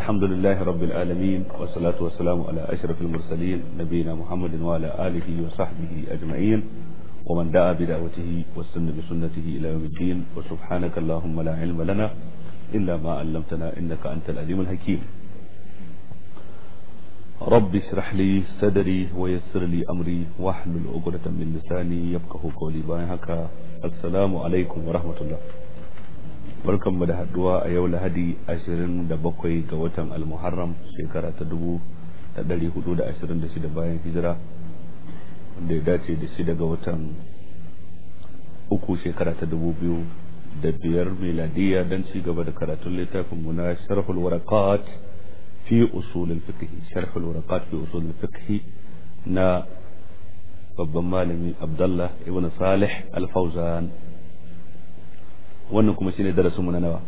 الحمد لله رب العالمين والصلاة والسلام على أشرف المرسلين نبينا محمد وعلى آله وصحبه أجمعين ومن دعا بدعوته واستنى بسنته إلى يوم الدين وسبحانك اللهم لا علم لنا إلا ما علمتنا إنك أنت العليم الحكيم رب اشرح لي صدري ويسر لي أمري واحلل عقدة من لساني يفقه قولي باي السلام عليكم ورحمة الله mu da haduwa a yau lahadi 27 ga watan almuharram shekara ta 1426 bayan hijira wanda ya dace da shi daga watan uku shekara ta 2005 miladiya don ci gaba da karatun littafin na sharhul warakat fi usulul fiqh sharhul warakat fi usulul fiqh na babban malami abdullah ibn salih al-fawzan wannan kuma shine darasinmu na nawa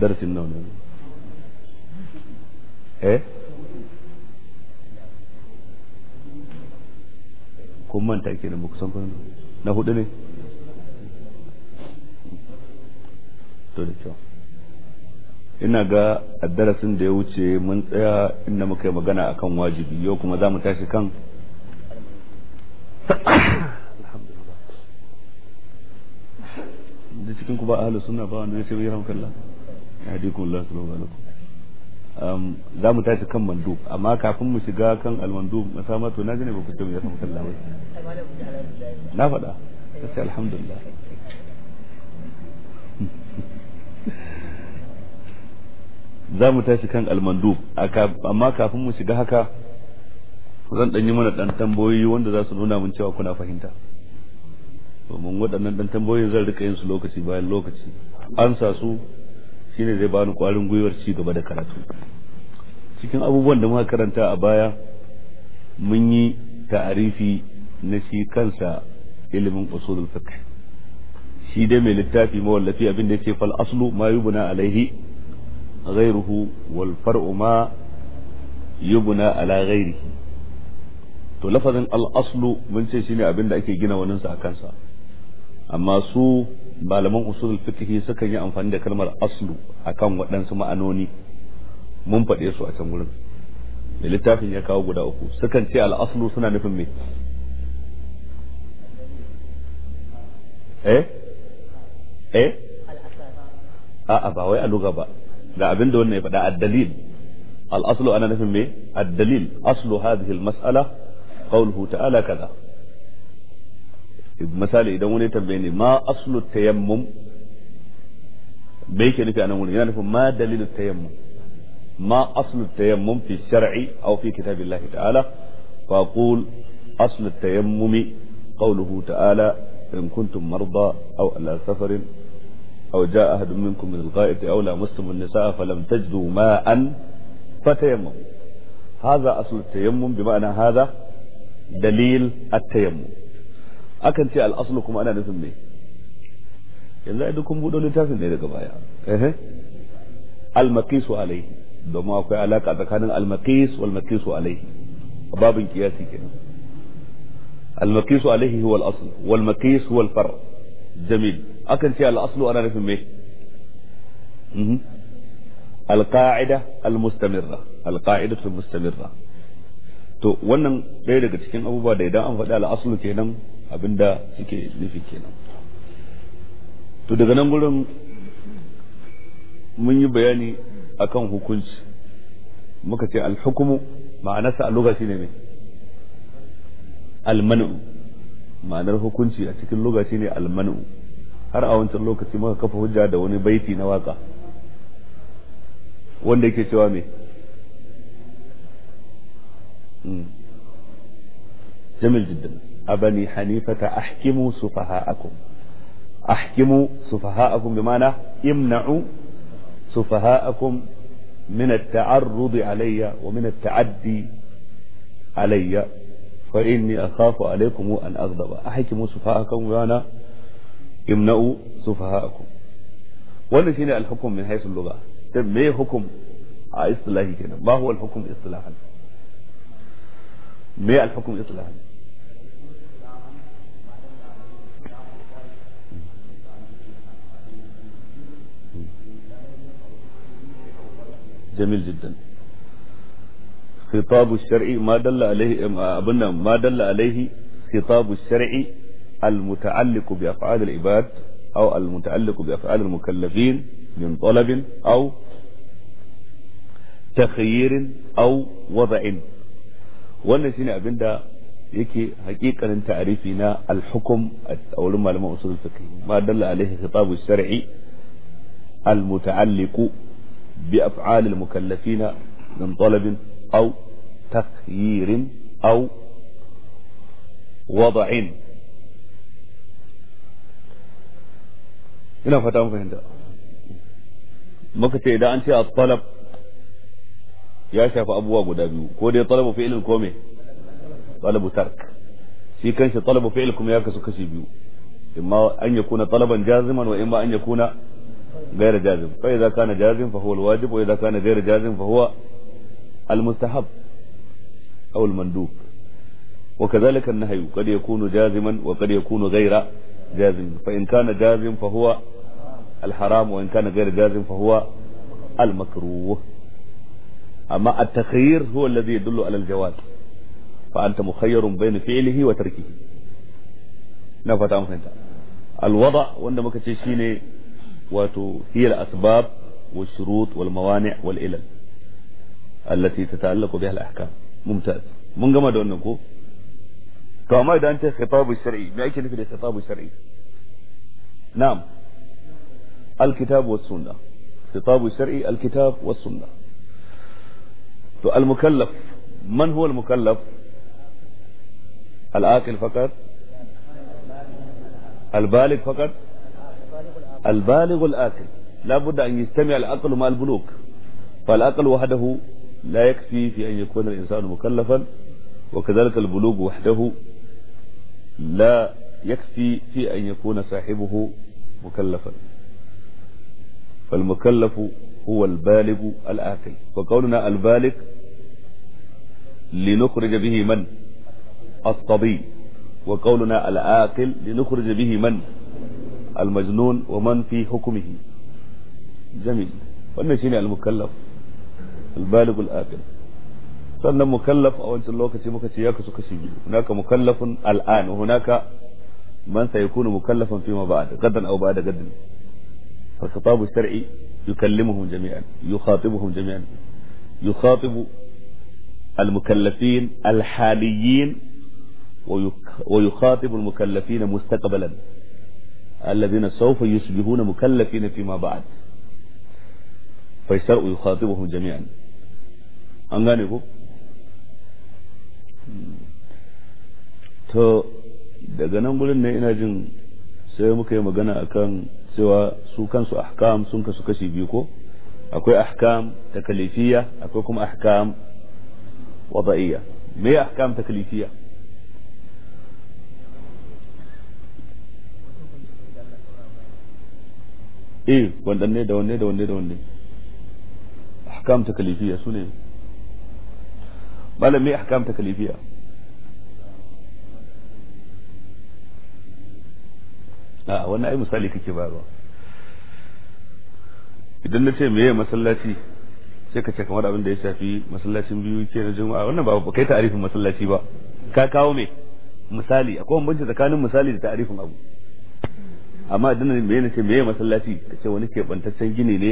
darasin nawa ne eh kun manta ke da kusan kun na hudu ne to da kyau ina ga a darasin da ya wuce mun tsaya inda muka yi magana akan wajibi yau kuma za mu tashi kan da cikin ku ba ahlus sunna ba wanda zai yarhamu kallah yahdikum Allah subhanahu wa ta'ala za mu tashi kan mandub amma kafin mu shiga kan almandub na sama to na gane ba ku ce yarhamu kallah ba na faɗa sai alhamdulillah za mu tashi kan almandub amma kafin mu shiga haka zan ɗanyi mana ɗan tambayoyi wanda za su nuna mun cewa kuna fahimta domin waɗannan ɗan tambayoyin zan rika yin su lokaci bayan lokaci ansa su shine zai bani kwarin gwiwar ci gaba da karatu cikin abubuwan da muka karanta a baya mun yi ta'arifi na shi kansa ilimin usulul fiqh shi dai mai littafi mawallafi abin da yake fal aslu ma yubna alaihi ghayruhu wal far'u ma yubna ala ghayrihi to lafazin al aslu mun ce shine abin da ake gina waninsa a kansa amma su malaman usulul fiqh sukan yi amfani da kalmar aslu akan waɗansu ma'anoni mun faɗe su a can gurin da littafin ya kawo guda uku sukan ce al'aslu suna nufin me eh eh a'a ba wai a luga ba da abin da wannan ya faɗa dalil al'aslu aslu ana nufin me ad-dalil aslu hadhihi al-mas'ala qawluhu ta'ala kaza misali idan wani tambaye ne ma aslu tayammum bai ke nufi a nan wurin yana nufin ma dalilin tayammum ma aslu tayammum fi shar'i aw fi kitabillahi ta'ala fa qul aslu tayammumi qawluhu ta'ala in kuntum marda aw ala safarin aw jaa ahadun minkum min al ghaib aw lamastum an-nisaa fa lam tajidu ma'an fa tayammum hadha aslu tayammum bi ma'na hadha dalil at-tayammum akan ce al'aslu kuma ana nufin me yanzu ai duk kun buɗe littafin ne daga baya eh al-maqisu domin akwai alaka tsakanin al-maqis wal maqisu alayhi babin qiyasi kenan al-maqisu alayhi huwa al wal maqis huwa al-far jamil akan ce al-aslu ana nufin me القاعدة المستمرة القاعدة المستمرة to wannan ɗaya daga cikin abubuwa da idan an faɗi al'aslu kenan abinda suke nufi kenan to daga nan gurin mun yi bayani akan hukunci muka ce alhukumu ma'anarsa a lugha shine ne almanu ma'anar hukunci a cikin lugha shine almanu har a wancan lokaci muka kafa hujja da wani baiti na waka wanda yake cewa me hmm. jamil jiddan أبني حنيفة أحكموا سفهاءكم أحكموا سفهاءكم بمعنى امنعوا سفهاءكم من التعرض علي ومن التعدي علي فإني أخاف عليكم أن أغضب أحكموا سفهاءكم بمعنى امنعوا سفهاءكم wannan shine من hukm min haythu al-lugha dan me hukum a istilahi kenan ba huwa جميل جدا خطاب الشرع ما دل عليه ابن ما دل عليه خطاب الشرع المتعلق بأفعال العباد أو المتعلق بأفعال المكلفين من طلب أو تخيير أو وضع wannan shine abin da yake hakikanin ta'arifi na al-hukum a wurin malaman usul fiqh ma dalla alaihi khitabu shar'i بأفعال المكلفين من طلب أو تخيير أو وضع هنا فتاهم فهندا ما إذا أنت الطلب يا شاف أبوه قدامي كودي طلبوا فعل كومي طلبوا ترك في كنش طلبوا فعلكم يا كسو كسي بيو إما أن يكون طلبا جازما وإما أن يكون غير جازم فإذا كان جازم فهو الواجب وإذا كان غير جازم فهو المستحب أو المندوب وكذلك النهي قد يكون جازما وقد يكون غير جازم فإن كان جازم فهو الحرام وإن كان غير جازم فهو المكروه أما التخيير هو الذي يدل على الجواز فأنت مخير بين فعله وتركه نفت أمسنت الوضع وإنما كتشيني واتو هي الأسباب والشروط والموانع والإلل التي تتعلق بها الأحكام ممتاز من قمت دونكو كما إذا أنت خطاب الشرعي ما يكن في الخطاب الشرعي نعم الكتاب والسنة خطاب الشرعي الكتاب والسنة تو المكلف من هو المكلف الآكل فقط البالغ فقط البالغ الآكل لا بد أن يجتمع العقل مع البلوغ فالعقل وحده لا يكفي في أن يكون الإنسان مكلفا وكذلك البلوغ وحده لا يكفي في أن يكون صاحبه مكلفا فالمكلف هو البالغ الآكل وقولنا البالغ لنخرج به من الصبي وقولنا العاقل لنخرج به من المجنون ومن في حكمه جميل wannan shine al-mukallaf al-baligh al-aqil sannan mukallaf a wancan lokaci muka ce ya kasu kashi biyu hunaka mukallafun al-an hunaka man sayakunu mukallafan fi ma ba'd gadan aw ba'da gadan فالخطاب الشرعي يكلمهم جميعا يخاطبهم جميعا يخاطب المكلفين الحاليين ويخاطب المكلفين مستقبلا الذين سوف يصبحون مكلفين فيما بعد فيشرع يخاطبهم جميعا an gane تو to daga nan gurin ne ina jin sai muka yi magana akan cewa su kansu ahkam sun kasu kashi biyu ko akwai ahkam takalifiya akwai kuma ahkam wada'iyya me ahkam takalifiya eh wandanne da wanne da wanne da wanne ahkam takalifiyya sune malam me ahkam takalifiyya a ah, wannan ai misali kake ba ba idan na ce meye masallaci sai ka ce kamar abin da ya shafi masallacin biyu ke na juma'a wannan ba kai ta'arifin masallaci ba ka kawo me misali akwai bambanci tsakanin misali da ta'arifin abu amma ne me ne ce me masallaci ta ce wani keɓantaccen gini ne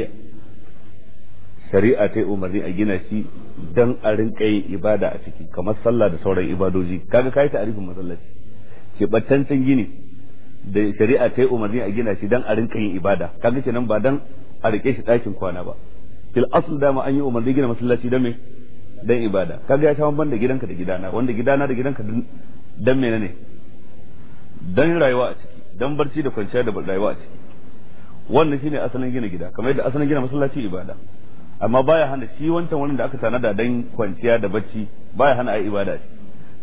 shari'a ta yi umarni a gina shi dan a rinka yin ibada a ciki kamar sallah da sauran ibadoji kaga kai arifin masallaci keɓantaccen gini da shari'a ta yi umarni a gina shi dan a rinka yin ibada kaga nan ba dan a rike shi ɗakin kwana ba fil asl dama an yi umarni gina masallaci dan me dan ibada kaga ya sha banda gidanka da gidana wanda gidana da gidanka dan menene dan rayuwa a ciki dan barci da kwanciya da rayuwa a ciki wannan shine asalin gina gida kamar yadda asalin gina masallaci ibada amma baya hana shi wancan wurin da aka tanada dan kwanciya da bacci baya hana ayi ibada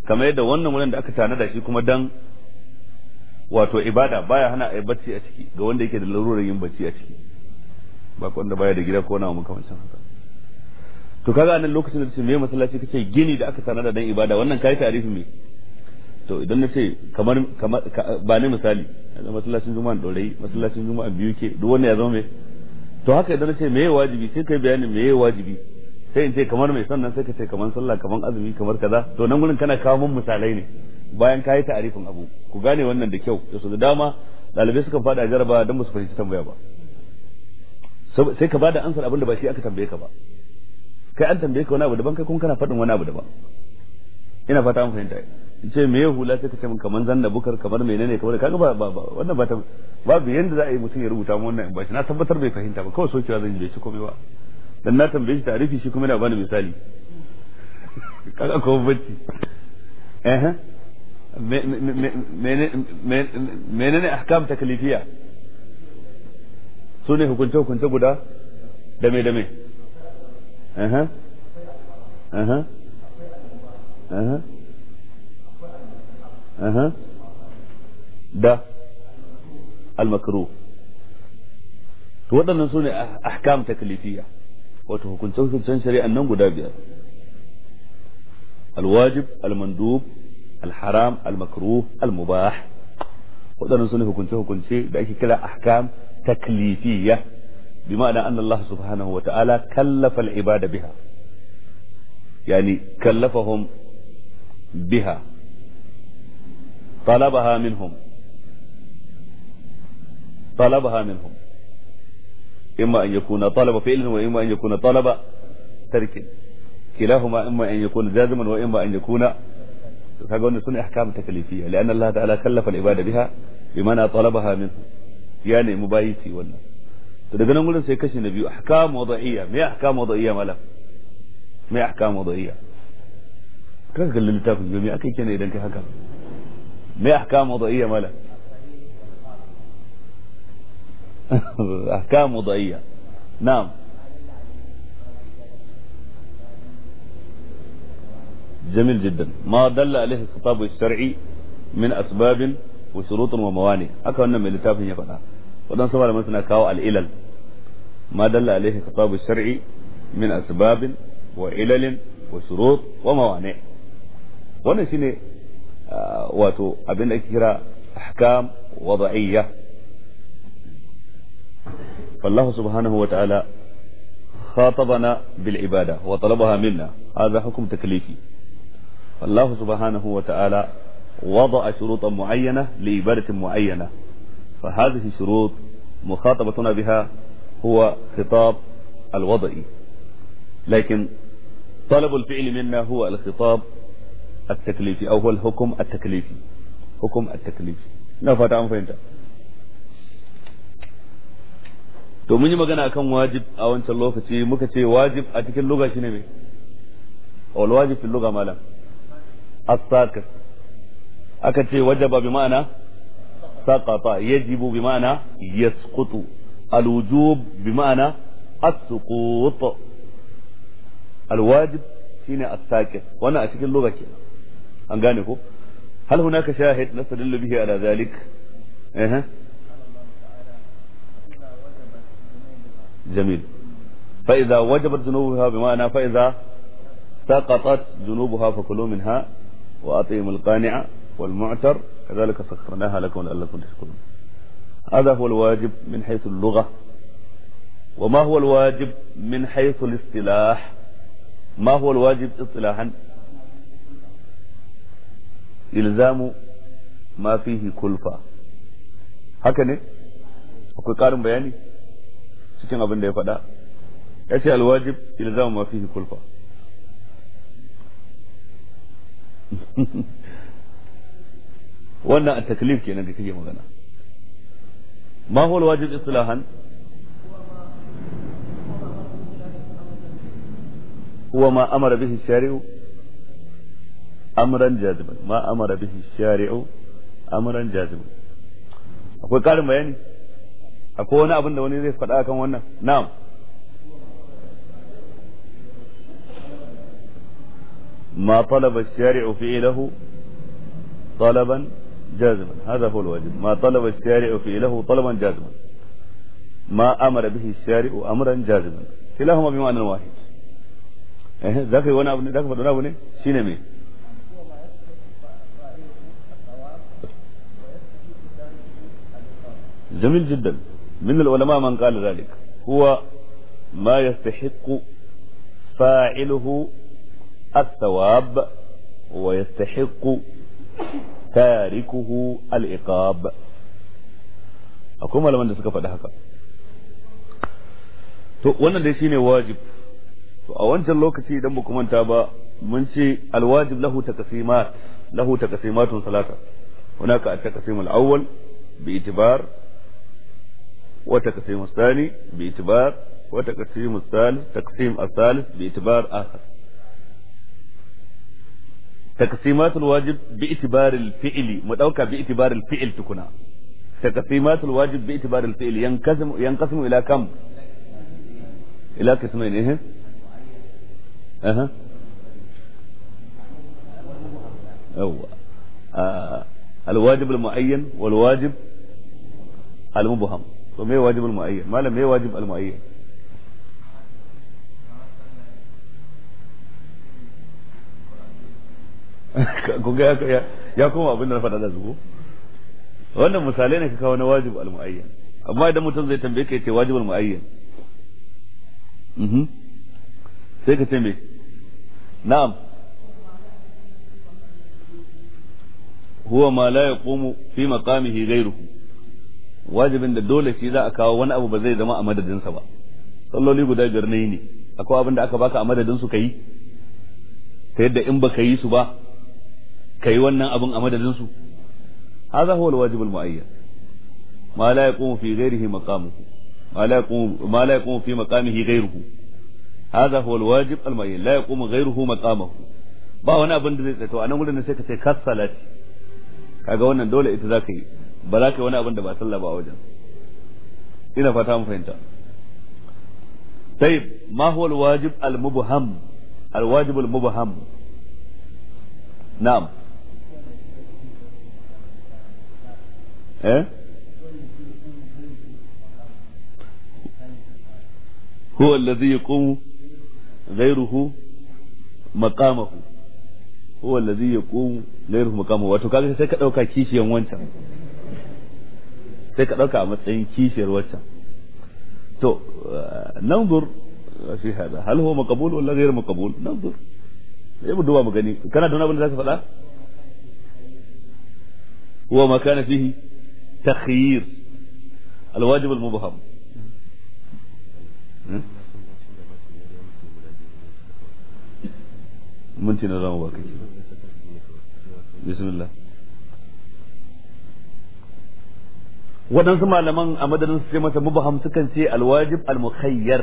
kamar yadda wannan wurin da aka tanada shi kuma dan wato ibada baya hana ayi bacci a ciki ga wanda yake da larurar yin bacci a ciki ba wanda baya da gida ko na makamancin haka to kaga nan lokacin da ce me masallaci kace gini da aka tanada dan ibada wannan kai tarihi me to idan na ce kamar ba ne misali masallacin juma'a dorai masallacin juma'a biyu ke duk wanda ya zama mai to haka idan na ce meye wajibi sai kai bayanin meye wajibi sai in ce kamar mai sannan sai ka ce kamar sallah kamar azumi kamar kaza to nan gurin kana kawo mun misalai ne bayan ka yi ta'arifin abu ku gane wannan da kyau da su da dama dalibai suka fada jaraba don ba su fahimci tambaya ba sai ka bada ansar abin da ba shi aka tambaye ka ba kai an tambaye ka wani abu daban kai kuma kana faɗin wani abu daban ina fata an fahimta ce me hula sai ka ce min kamar zanna bukar kamar menene kamar kaga ba ba wannan ba ta babu yanda za a yi mutum ya rubuta mu wannan ba shi na tabbatar bai fahimta ba kawai sokewa zan bai ci komai ba dan na tambaye shi tarifi shi kuma yana bani misali kaga ko bacci eh menene ahkam taklifiya su ne hukunce hukunce guda dame dame eh eh eh أها ده المكروه waɗannan su ne ahkam taklifiya wato hukunce-hukuncen shari'an nan guda biyar alwajib almandub alharam almakruh almubah waɗannan su ne hukunce-hukunce da ake kira ahkam taklifiya bi ma'ana anna Allah subhanahu wa ta'ala kallafa al'ibada biha yani kallafahum biha طلبها منهم طلبها منهم إما أن يكون طلب فعل وإما أن يكون طلب ترك كلاهما إما أن يكون جازما وإما أن يكون فقلنا سنة أحكام تكليفية لأن الله تعالى كلف العبادة بها بمعنى طلبها منه يعني مبايتي ولا تدقنا نقول أن سيكشي نبي أحكام وضعية ما أحكام وضعية ما لك ما أحكام وضعية كيف قال لي تاكل جميع أكيد كان إذا كيف مية احكام وضعية ملا احكام وضعية نعم جميل جدا ما دل عليه الخطاب الشرعي من اسباب وشروط وموانع اكو ان من الكتاب هي فلا ودان سوال مثلا كاو الالل ما دل عليه الخطاب الشرعي من اسباب وعلل وشروط وموانع وانا شنو واتو ابن اكيرا احكام وضعية فالله سبحانه وتعالى خاطبنا بالعبادة وطلبها منا هذا حكم تكليفي فالله سبحانه وتعالى وضع شروطا معينة لعبادة معينة فهذه الشروط مخاطبتنا بها هو خطاب الوضعي لكن طلب الفعل منا هو الخطاب at-taklifi aw huwa al-hukm at-taklifi hukm at taklifi hukm at an fahimta to mun magana akan wajib a wancan lokaci muka ce wajib a cikin lugha shine me wal wajib fil lugha malam aka ce wajaba bi ma'ana saqata yajibu bi ma'ana bi ma'ana wannan a cikin an gane ko hal hunaka shahid nastadillu bihi ala zalik eh جميل فإذا وجبت ذنوبها بمعنى فإذا سقطت ذنوبها فكلوا منها وأطيم القانع والمعتر كذلك سخرناها لكم لعلكم تشكرون هذا هو الواجب من حيث اللغة وما هو الواجب من حيث الاصطلاح ما هو الواجب اصطلاحا ilzamu ma fihi kulfa haka ne akwai ƙarin bayani cikin abin da ya faɗa ya ce alwajib ilzamu ma fihi kulfa wannan a taklif kenan da kake magana ma huwa alwajib istilahan huwa ma amara bihi shari'u امرا جازما ما امر به الشارع امرا جازما أقول karin bayani يعني؟ أقول أنا أبن da wani zai faɗa kan wannan ما طلب الشارع له طلبا جازما هذا هو الواجب ما طلب الشارع له طلبا جازما ما امر به الشارع امرا جازما كلاهما بمعنى واحد إيه؟ ذكر وانا ذاك ذكر ابو ne سينمي جميل جدا من العلماء من قال ذلك هو ما يستحق فاعله الثواب ويستحق تاركه العقاب أقوم على من دسك فدحك وانا ديشيني واجب أوانج الله كتي دمكم أنت أبا منشي الواجب له تقسيمات له تقسيمات ثلاثة هناك التقسيم الأول باعتبار وتقسيم الثاني باعتبار وتقسيم الثالث تقسيم الثالث باعتبار آخر تقسيمات الواجب باعتبار الفعل مدوكا باعتبار الفعل تكون تقسيمات الواجب باعتبار الفعل ينقسم ينقسم إلى كم إلى قسمين إيه أها أو آه. الواجب المعين والواجب المبهم to me wajib al muayyan malam me wajib al muayyan kun ga ya koma abin da na faɗa da zuwa wannan misalai ne ka kawo na wajib al muayyan amma idan mutum zai tambaye ka yace wajib al muayyan mhm. sai ka tambaye na'am Huwa ma la yaqumu fi maqamihi ghayruhu wajibin da dole shi za a kawo wani abu ba zai zama a madadinsa ba salloli guda biyar na yi ne akwai abin da aka baka a madadin su ka yi ta yadda in baka yi su ba ka yi wannan abin a madadin su hadha huwa alwajibul muayyan ma la yaqumu fi ghairihi maqamuhu ma la yaqumu ma la yaqumu fi maqamihi ghairuhu hadha huwa alwajib almuayyan la yaqumu ghairuhu maqamahu ba wani abin da zai tsaye to anan gurin sai ka ce kassalati kaga wannan dole ita zaka yi ba za ka yi wani abin da ba sallah ba wajen ina fata mu fahimta sai ma huwa alwajib almubham alwajib almubham na'am eh هو الذي يقوم غيره مقامه هو الذي يقوم غيره مقامه وتكاد sai ka كيشي يوم wancan. sai ka ɗauka a matsayin kishiyar waccan to nanzur shi hada hal huwa maqbul wala ghayr maqbul nanzur sai mu duba mu gani kana da wani da zaka faɗa huwa ma kana fihi takhyir alwajib almubham mun منتنا رمضان بسم bismillah waɗansu malaman a madadin su ce masa mubaham sukan ce alwajib almukhayyar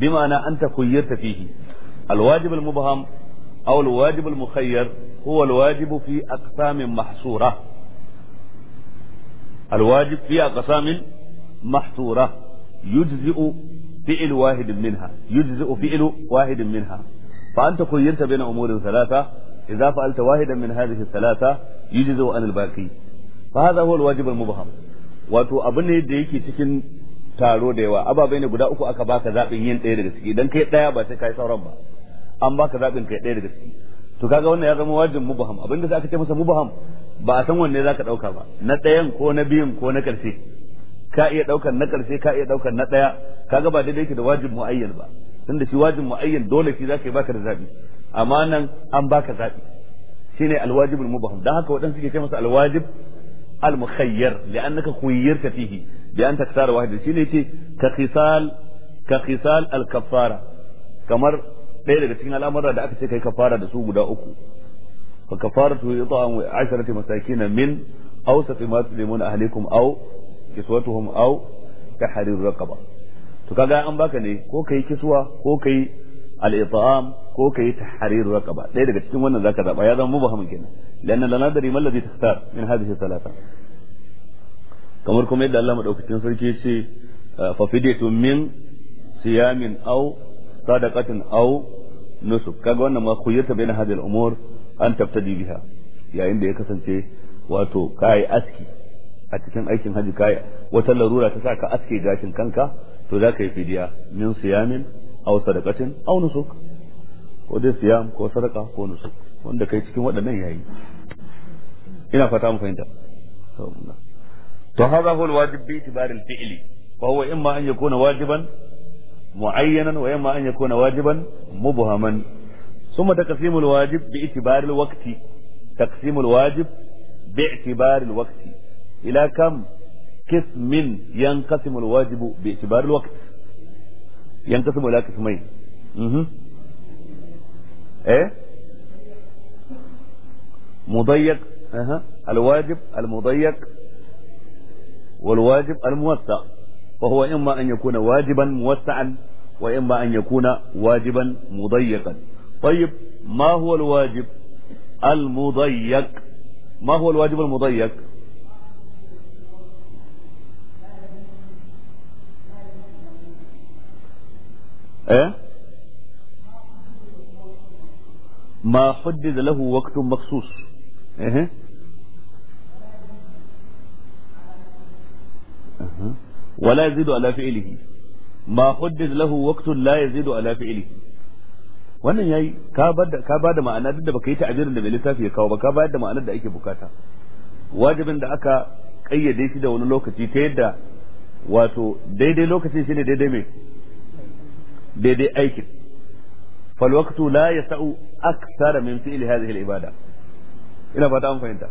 bima'ana anta khuyyirta fihi alwajib almubham aw alwajib almukhayyar huwa alwajib fi aqsamin mahsura alwajib fi aqsamin mahsura yujzi'u fi'l wahid minha yujzi'u fi'l wahid minha fa anta khuyyirta bayna umurin thalatha idza fa'alta wahidan min hadhihi thalatha yujzi'u an albaqi fa hadha huwa alwajib almubham wato abu ne da yake cikin taro da yawa ababai ne guda uku aka baka zabin yin ɗaya daga ciki idan kai ɗaya ba sai kai sauran ba an baka zabin kai ɗaya daga ciki to kaga wannan ya zama wajibin mubham abin da aka ce masa mubham ba a san wanne zaka dauka ba na ɗayan ko na biyun ko na ƙarshe ka iya daukar na ƙarshe ka iya daukar na ɗaya kaga ba daidai yake da wajibin muayyan ba tunda shi wajibin muayyan dole shi zaka yi baka da zabi amma nan an baka zabi shine alwajibul mubham dan haka wadansu suke ce masa alwajib المخير لأنك خيرت فيه بأن تختار واحد شيء كخصال كخصال الكفارة كمر ɗaya daga cikin al'amuran da aka ce kai kafara da su guda uku fa kafaratu it'am asharati masakin min awsat ma tulimuna ahlikum aw kiswatuhum aw tahrir raqaba to kaga an baka ne ko kai kiswa ko kai al ko ko kai tahrir raqaba ɗaya daga cikin wannan zaka zaba ya zama mubaham kenan lanna la nadri mal ladhi takhtar min hadhihi thalatha kamar kuma yadda Allah madaukakin sarki ya ce fa fidyatun min siyamin aw sadaqatin aw nusuk kaga wannan ma khuyyata baina hadhihi al an tabtadi biha yayin da ya kasance wato kai aski a cikin aikin haji kai wata larura ta sa ka aske gashin kanka to za ka yi fidiya min siyamin aw sadaqatin aw nusuk ko dai siyam ko sadaqa ko nusuk wanda kai cikin waɗannan yayi ina fata mu fahimta to hadha huwa alwajib bi itibari alfi'li fa huwa imma an yakuna wajiban mu'ayyanan wa imma an yakuna wajiban mubhaman ثم تقسيم الواجب باعتبار الوقت تقسيم الواجب باعتبار الوقت إلى كم قسم ينقسم الواجب باعتبار waqti. ينقسم إلى قسمين إيه مضيق أه. الواجب المضيق والواجب الموسع فهو إما أن يكون واجبا موسعا وإما أن يكون واجبا مضيقا طيب ما هو الواجب المضيق ما هو الواجب المضيق eh ma huddiza lahu waqtun maksus eh ولا يزيد على فعله ما حدد له وقت لا يزيد على فعله wannan yayi ka bada ka bada ma'ana duk da baka yi ta'abirin da mai lissafi ya kawo ba ka bayar da ma'anar da ake bukata wajibin da aka kayyade shi da wani lokaci ta yadda wato daidai lokacin shine daidai mai daidai aikin fal waqtu la yasau akthar min fi'li hadhihi al ibada ina fata an fahimta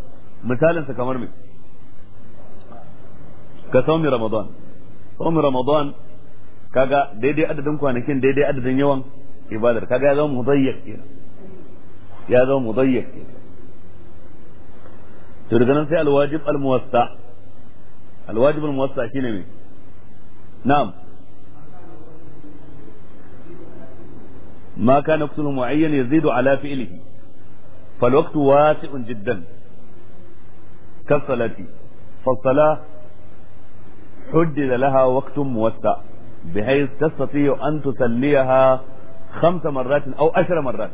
misalin sa kamar me ka saumi ramadan saumi ramadan kaga daidai adadin kwanakin daidai adadin yawan ibadar kaga ya zama mudayyak kenan ya zama mudayyak kenan to daga nan sai alwajib almuwassa alwajib almuwassa shine me na'am ما كان وقت معين يزيد على فعله فالوقت واسع جدا كالصلاة فالصلاة حدد لها وقت موسع بحيث تستطيع أن تسليها خمس مرات أو عشر مرات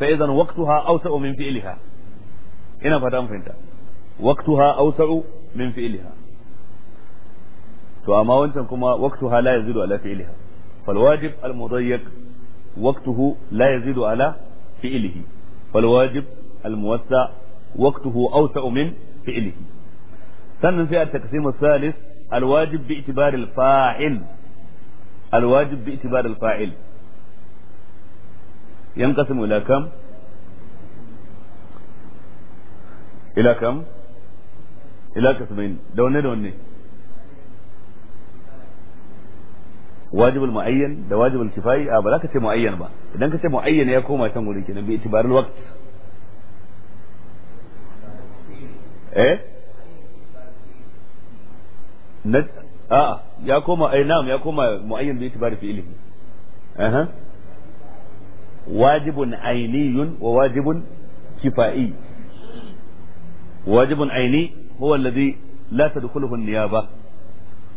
فإذا وقتها أوسع من فعلها هنا فتام فهمت وقتها أوسع من فعلها فأما وانتم وقتها لا يزيد على فعلها فالواجب المضيق وقته لا يزيد على فعله فالواجب الموسع وقته أوسع من فعله سنن في التقسيم الثالث الواجب باعتبار الفاعل الواجب باعتبار الفاعل ينقسم إلى كم إلى كم إلى قسمين دون دون wajibul muayyan da wajibul kifayi a ba za ka ce muayyan ba idan ka ce muayyan ya koma can gurin kenan bi itibarul waqt eh na a ya koma ai eh, na'am ya koma muayyan bi itibar fi ilmi wajibun ainiyun wa wajibun kifai wajibun aini huwa alladhi la tadkhuluhu an-niyaba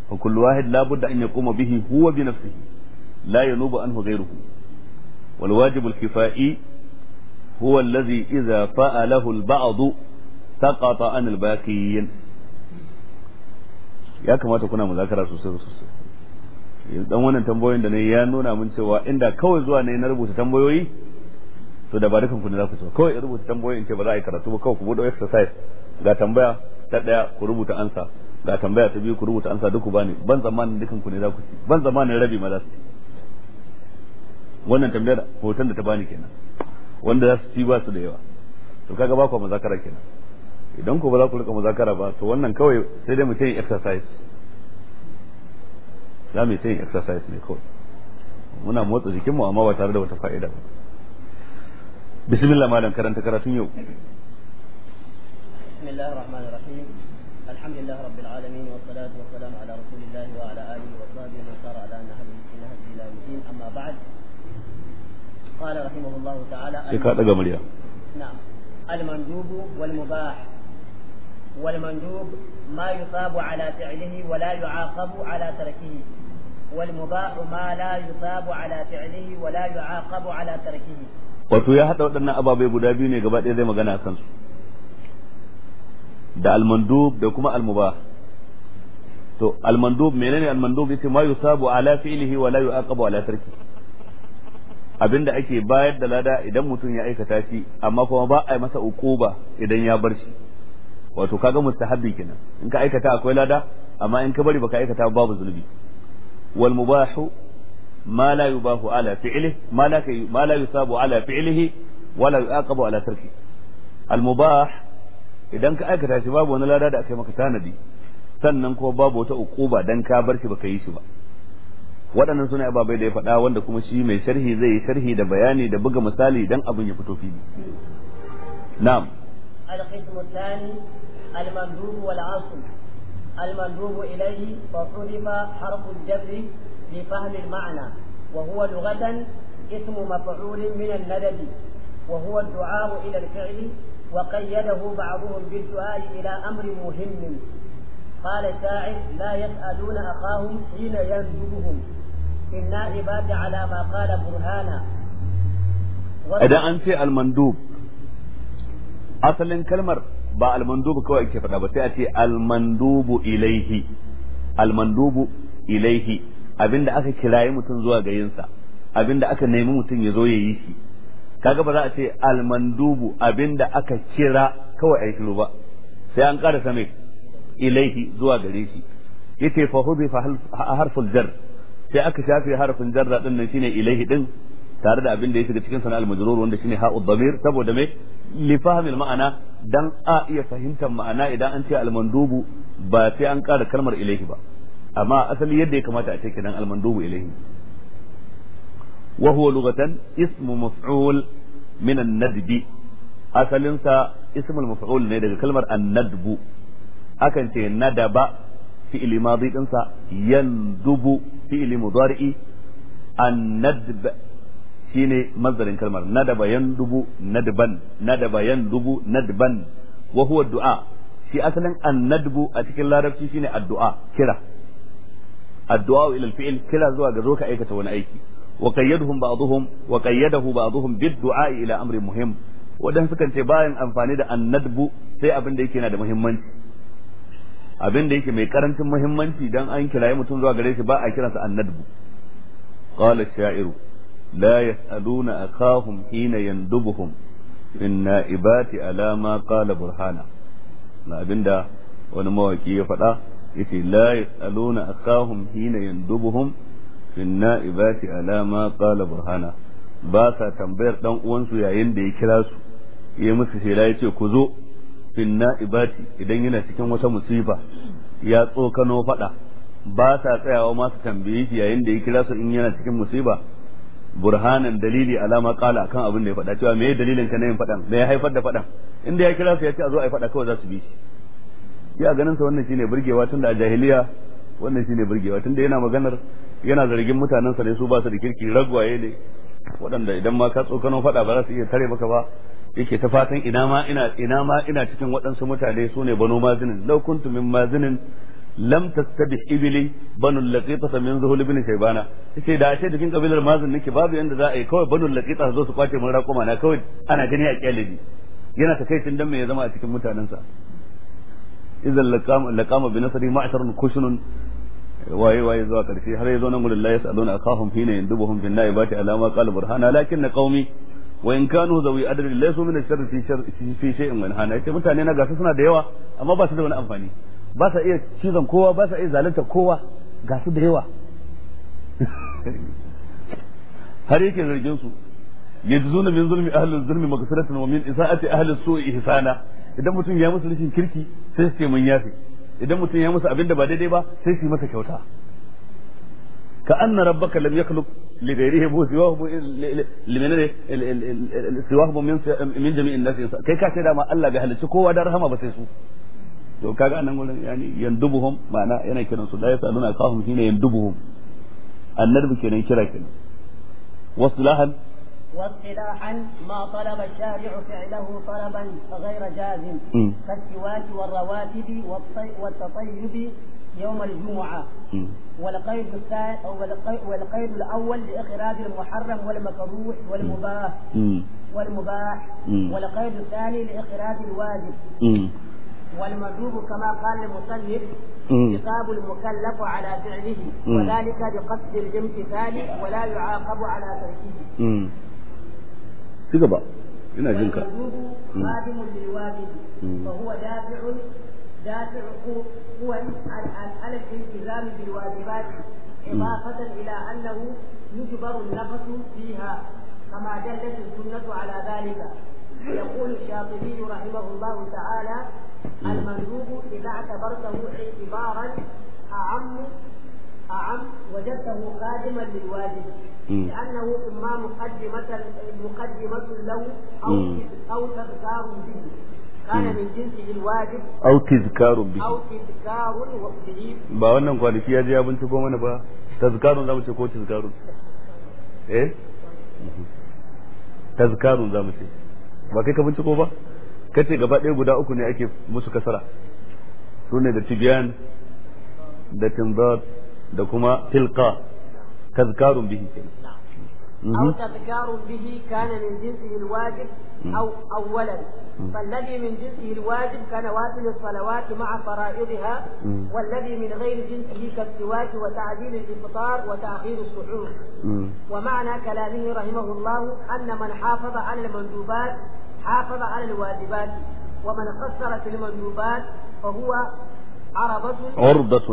fa kullu wahid la budda an yaquma bihi huwa bi nafsihi la yanubu anhu ghayruhu wal wajib al kifai huwa alladhi idha fa'alahu al ba'd saqata an al baqiyin ya kamata kuna muzakara sosai sosai dan wannan tambayoyin da ne ya nuna mun cewa inda kawai zuwa ne na rubuta tambayoyi to da ba dukan ku ne za ku ci kawai rubuta tambayoyin ce ba za a yi karatu ba kawai ku bude exercise ga tambaya ta daya ku rubuta ansa ga tambaya ta biyu ku rubuta ansa duku bani ban zamanin dukan ku ne za ku ci ban zamanin rabi ma za su ci wannan tambayar hoton da ta bani kenan wanda za su ci ba su da yawa to kaga ba ku muzakara kenan idan ku ba za ku rika muzakara ba to wannan kawai sai dai mu yin exercise za mu ta yin exercise ne kawai muna motsa jikinmu amma ba tare da wata fa'ida ba bismillah malam karanta karatun yau الحمد لله رب العالمين والصلاة والسلام على رسول الله وعلى آله وصحبه ومن سار على نهجه إلى الدين أما بعد قال رحمه الله تعالى نعم المندوب والمباح والمندوب ما يصاب على فعله ولا يعاقب على تركه والمباح ما لا يصاب على فعله ولا يعاقب على تركه wato ya haɗa waɗannan ababai guda biyu ne gaba ɗaya zai magana a kansu da almandub da kuma almubah to almandub menene almandub yace ma yusabu ala fi'lihi wa la yu'aqabu ala tarki abinda ake bayar da lada idan mutum ya aikata shi amma kuma ba a yi masa ukuba idan ya bar shi wato kaga mustahabbi kenan in ka aikata akwai lada amma in ka bari baka aikata babu zulubi wal mubahu ma la yubahu ala fi'lihi ma la ma la yusabu ala fi'lihi wa la yu'aqabu ala tarki al mubah idan ka aikata shi babu wani lada da aka yi maka tanadi sannan kuma babu wata ukuba dan ka bar shi baka yi shi ba waɗannan suna ababai da ya faɗa wanda kuma shi mai sharhi zai yi sharhi da bayani da buga misali dan abin ya fito fili na'am القسم الثاني المندوب والعاصم المندوب إليه فصرف حرف الجر لفهم المعنى وهو لغة اسم مفعول من الندب وهو الدعاء إلى الفعل وقيده بعضهم بالسؤال إلى أمر مهم قال الشاعر لا يسألون أخاهم حين يندبهم في النائبات على ما قال برهانا إذا أنت المندوب أصل كلمة ba almandubu kawai ake faɗa ba sai a ce almandubu ilaihi almandubu ilaihi abinda aka kirayi mutum zuwa gayinsa abinda aka nemi mutum ya zo ya yi shi kaga ba za a ce almandubu abinda aka kira kawai ai shiru ba sai an kara same ilaihi zuwa gare shi yace fa hubi fa harful jar sai aka shafe harfin jarra din nan shine ilaihi din tare da abin da ya shiga cikin sana'al majrur wanda shine ha'u dhamir saboda me li fahmil ma'ana dan a iya fahimtar ma'ana idan an ce almandubu ba sai an kara kalmar ilaihi ba amma asali yadda ya kamata a ce kenan almandubu ilaihi وهو لغة اسم مفعول من الندب أصلنسا اسم المفعول ne daga kalmar annadbu akan ce nadaba fi'ili madi dinsa yandubu fi'ili mudari'i annadb shine mazdarin kalmar nadaba yandubu nadban nadaba yandubu nadban wa huwa du'a shi asalin annadbu a cikin larabci shine addu'a kira addu'a ila al kira zuwa ga zo ka aikata wani aiki wa qayyadahum ba'dhum wa qayyadahu ba'dhum bid-du'a ila amrin wadan sukan ce bayan amfani da annadbu sai abin da yake yana da muhimmanci abin da yake mai karancin muhimmanci dan an kirayi mutum zuwa gare shi ba a kiransa annadbu qala sha'iru la yas'aluna akahum hina yandubuhum min na'ibati ala ma qala burhana na abinda wani mawaki ya faɗa yace la yas'aluna akahum hina yandubuhum fin na'ibati ala ma qala burhana ba sa tambayar dan uwansu yayin da ya kira su ya musu shela ya ce ku zo fin na'ibati idan yana cikin wata musiba ya tsokano fada ba sa tsayawa masu tambaye shi yayin da ya kira su in yana cikin musiba burhanan dalili alama kala akan abin da ya faɗa cewa me dalilin ka na yin faɗan me ya haifar da faɗan inda ya kira su ya ce a zo a yi faɗa kawai za su bi shi ya ganin sa wannan shine burgewa tun da a jahiliya wannan shine burgewa tun da yana maganar yana zargin mutanensa ne su ba su da kirki ragwaye ne waɗanda idan ma ka tsokano faɗa ba za su iya tare maka ba yake ta fatan ina ma ina ina ma ina cikin waɗansu mutane su ne banu mazinin law kuntu min mazinin lam tastabi ibli banu laqita min zuhul ibn shaybana yace da ashe cikin kabilar mazin nake babu yanda za a yi kawai banu laqita zo su kwace mun raƙuma na kawai ana gani a kyalabi yana ta kai dan me ya zama a cikin mutanensa idan laqama laqama bi nasri ma'sharun kushnun waye waye zuwa karshe har yazo nan gurin la yasaluna akahum hina yandubuhum bin naibati alama qala burhana lakinna qaumi wa in kanu zawi adri laysu min ash-sharri fi sharri fi shay'in min hana yace mutane na gasu suna da yawa amma ba su da wani amfani ba sa iya cizon kowa ba sa iya zalunta kowa gasu da yawa har yake zargin su yajzuna min zulmi ahli zulmi maghfiratan wa min isaati ahli su'i ihsana idan mutum ya musu rashin kirki sai su ce mun yafi. idan mutum ya musu abin da ba daidai ba sai su yi masa kyauta ka anna rabbaka lam yakhluq li ghayrihi bu siwahu limin siwahu min min jami'in nasi kai ka ce dama Allah bai halicci kowa da rahama ba sai su to kaga anan gurin yani yandubuhum ma'ana yana kiran su la yasaluna kahum shine yandubuhum annabi kenan kira kenan wasulahan واصطلاحا ما طلب الشارع فعله طلبا غير جازم كالسواك والرواتب والتطيب يوم الجمعة والقيد والقيد الأول لإخراج المحرم والمكروه والمباح والمباح والقيد الثاني لإخراج الواجب والمجوب كما قال المصنف عقاب المكلف على فعله وذلك بقصد الامتثال ولا يعاقب على تركه ci gaba ina jin ka فهو دافع دافع هو على الالتزام بالواجبات إضافة إلى أنه يجبر النفس فيها كما دلت السنة على ذلك يقول الشاطبي رحمه الله تعالى المندوب إذا اعتبرته اعتبارا أعم أعم وجدته قادما للواجب لأنه إما مقدمة مقدمة له أو تذكار به كان من جنسه الواجب أو تذكار به أو تذكار به ba wannan في هذه je ya binciko mana ba tazkarun zamu تذكار إيه tazkarun eh mhm. tazkarun ce ba kai ka binciko ba kace gaba ɗaya guda uku ne ake musu kasara sune da tibyan da tinzat da kuma tilqa tazkarun bihi kenan أو تذكار به كان من جنسه الواجب أو أولا فالذي من جنسه الواجب كنوافل الصلوات مع فرائضها والذي من غير جنسه كالسواك وتعجيل الإفطار وتأخير السحور ومعنى كلامه رحمه الله أن من حافظ على المندوبات حافظ على الواجبات ومن قصر في المندوبات فهو عربة عربة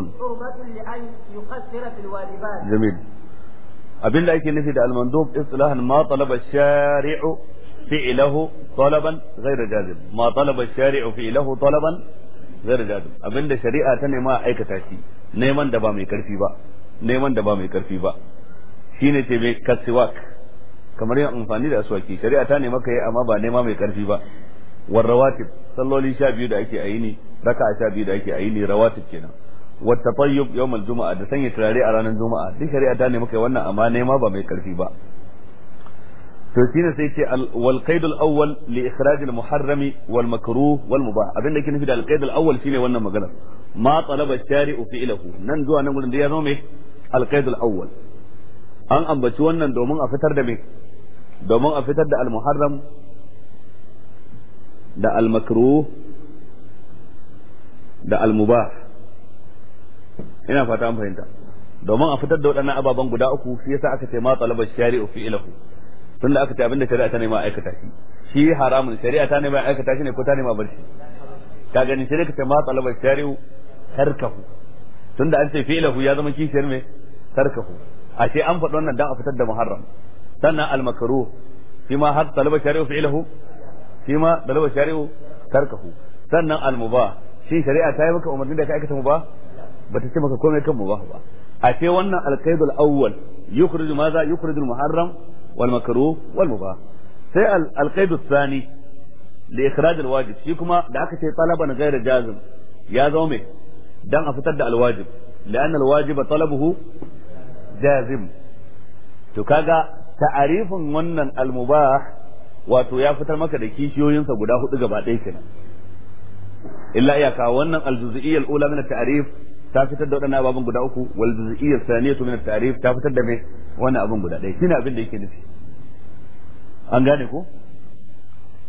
لأن يقصر في الواجبات جميل abin da ake nufi da almandub istilahan ma talaba shari'u fi'lahu talaban ghayra jazib ma talaba shari'u fi'lahu talaban ghayra jazib abinda shari'a ta nema a aikata shi neman da ba mai karfi ba neman da ba mai karfi ba shine ce mai kasiwak kamar yin amfani da aswaki shari'a ta nema kai amma ba nema mai karfi ba warrawatib salloli sha biyu da ake ayi ne raka'a sha biyu da ake a yi ne rawatib kenan wa tatayyub yawmal juma'a da sanya turare a ranar juma'a duk shari'a ta ne muka wannan amma nema ba mai karfi ba to shine sai ce wal qaidul awwal li ikhraj al muharrami wal makruh wal mubah abin da yake nufi da al qaidul awwal shine wannan magana ma talaba shari'u fi ilahu nan zuwa nan gurin da ya zama me al qaidul awwal an ambaci wannan domin a fitar da me domin a fitar da al muharram da al makruh da almuba. ina fata an fahimta domin a fitar da waɗannan ababen guda uku shi yasa aka ce ma talabar shari'u fi ilahu tunda aka ce abin da shari'a ta nema aikata shi shi haramun shari'a ta nema aikata shi ne ko ta nema bar shi ka gani sai ka ce ma talabar shari'u tarkahu tunda an ce fi ilahu ya zama kishiyar me tarkahu a ce an faɗi wannan dan a fitar da muharram sannan al-makruh shi ma har talabar shari'u fi ilahu shi ma talabar shari'u tarkahu sannan al-mubah Shin shari'a ta yi maka umarni da ka aikata mu ba ba ta ce maka komai kan mu ba ba a ce wannan alqaidul awwal yukhrij maza yukhrij muharram wal makruh wal mubah sai alqaidul thani li ikhraj al wajib shi kuma da aka ce talaban ghayr jazim ya zama mai dan a fitar da al wajib لأن الواجب طلبه jazim. to kaga ta'arifin wannan almubah wato ya fitar maka da kishiyoyinsa guda hudu gaba ɗaya kenan illa iyaka wannan al ula min at-ta'rif ta fitar da wadannan ababen guda uku wal juz'iyyah thaniyatu min at-ta'rif ta fitar da me wannan abin guda ɗaya shine abin da yake nufi an gane ko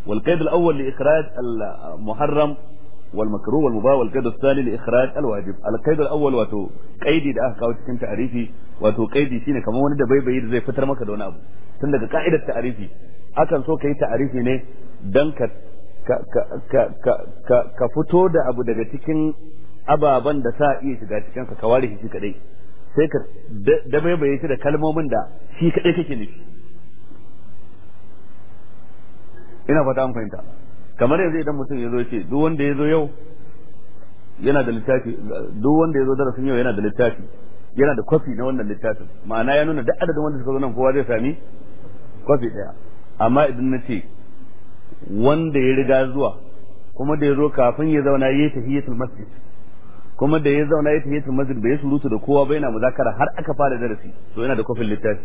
wal qaid al-awwal li ikhraj al-muharram والمكروه والمباح والقيد الثاني لاخراج الواجب القيد الاول واتو قيدي da aka kawo cikin ta'arifi wato qaidi shine kamar wani da bai baibayi da zai fitar maka da wani abu tun daga ka'idar ta'arifi akan so kai ta'arifi ne dan ka ka fito da abu daga cikin ababen da sa iya shiga cikin ka ware shi kadai sai ka da dabaibaye shi da kalmomin da shi kadai kake nufi ina fata an fahimta kamar yanzu idan mutum ya zo ce duk wanda ya zo yau yana da littafi duk wanda ya zo darasin yau yana da littafi yana da kwafi na wannan littafin ma'ana ya nuna duk adadin wanda suka zo nan kowa zai sami kwafi daya amma idan na ce wanda ya riga zuwa kuma da ya zo kafin ya zauna ya tahiyatul masjid kuma da ya zauna ya tahiyatul masjid bai surutu da kowa ba yana muzakara har aka fara darasi to yana da kofin littafi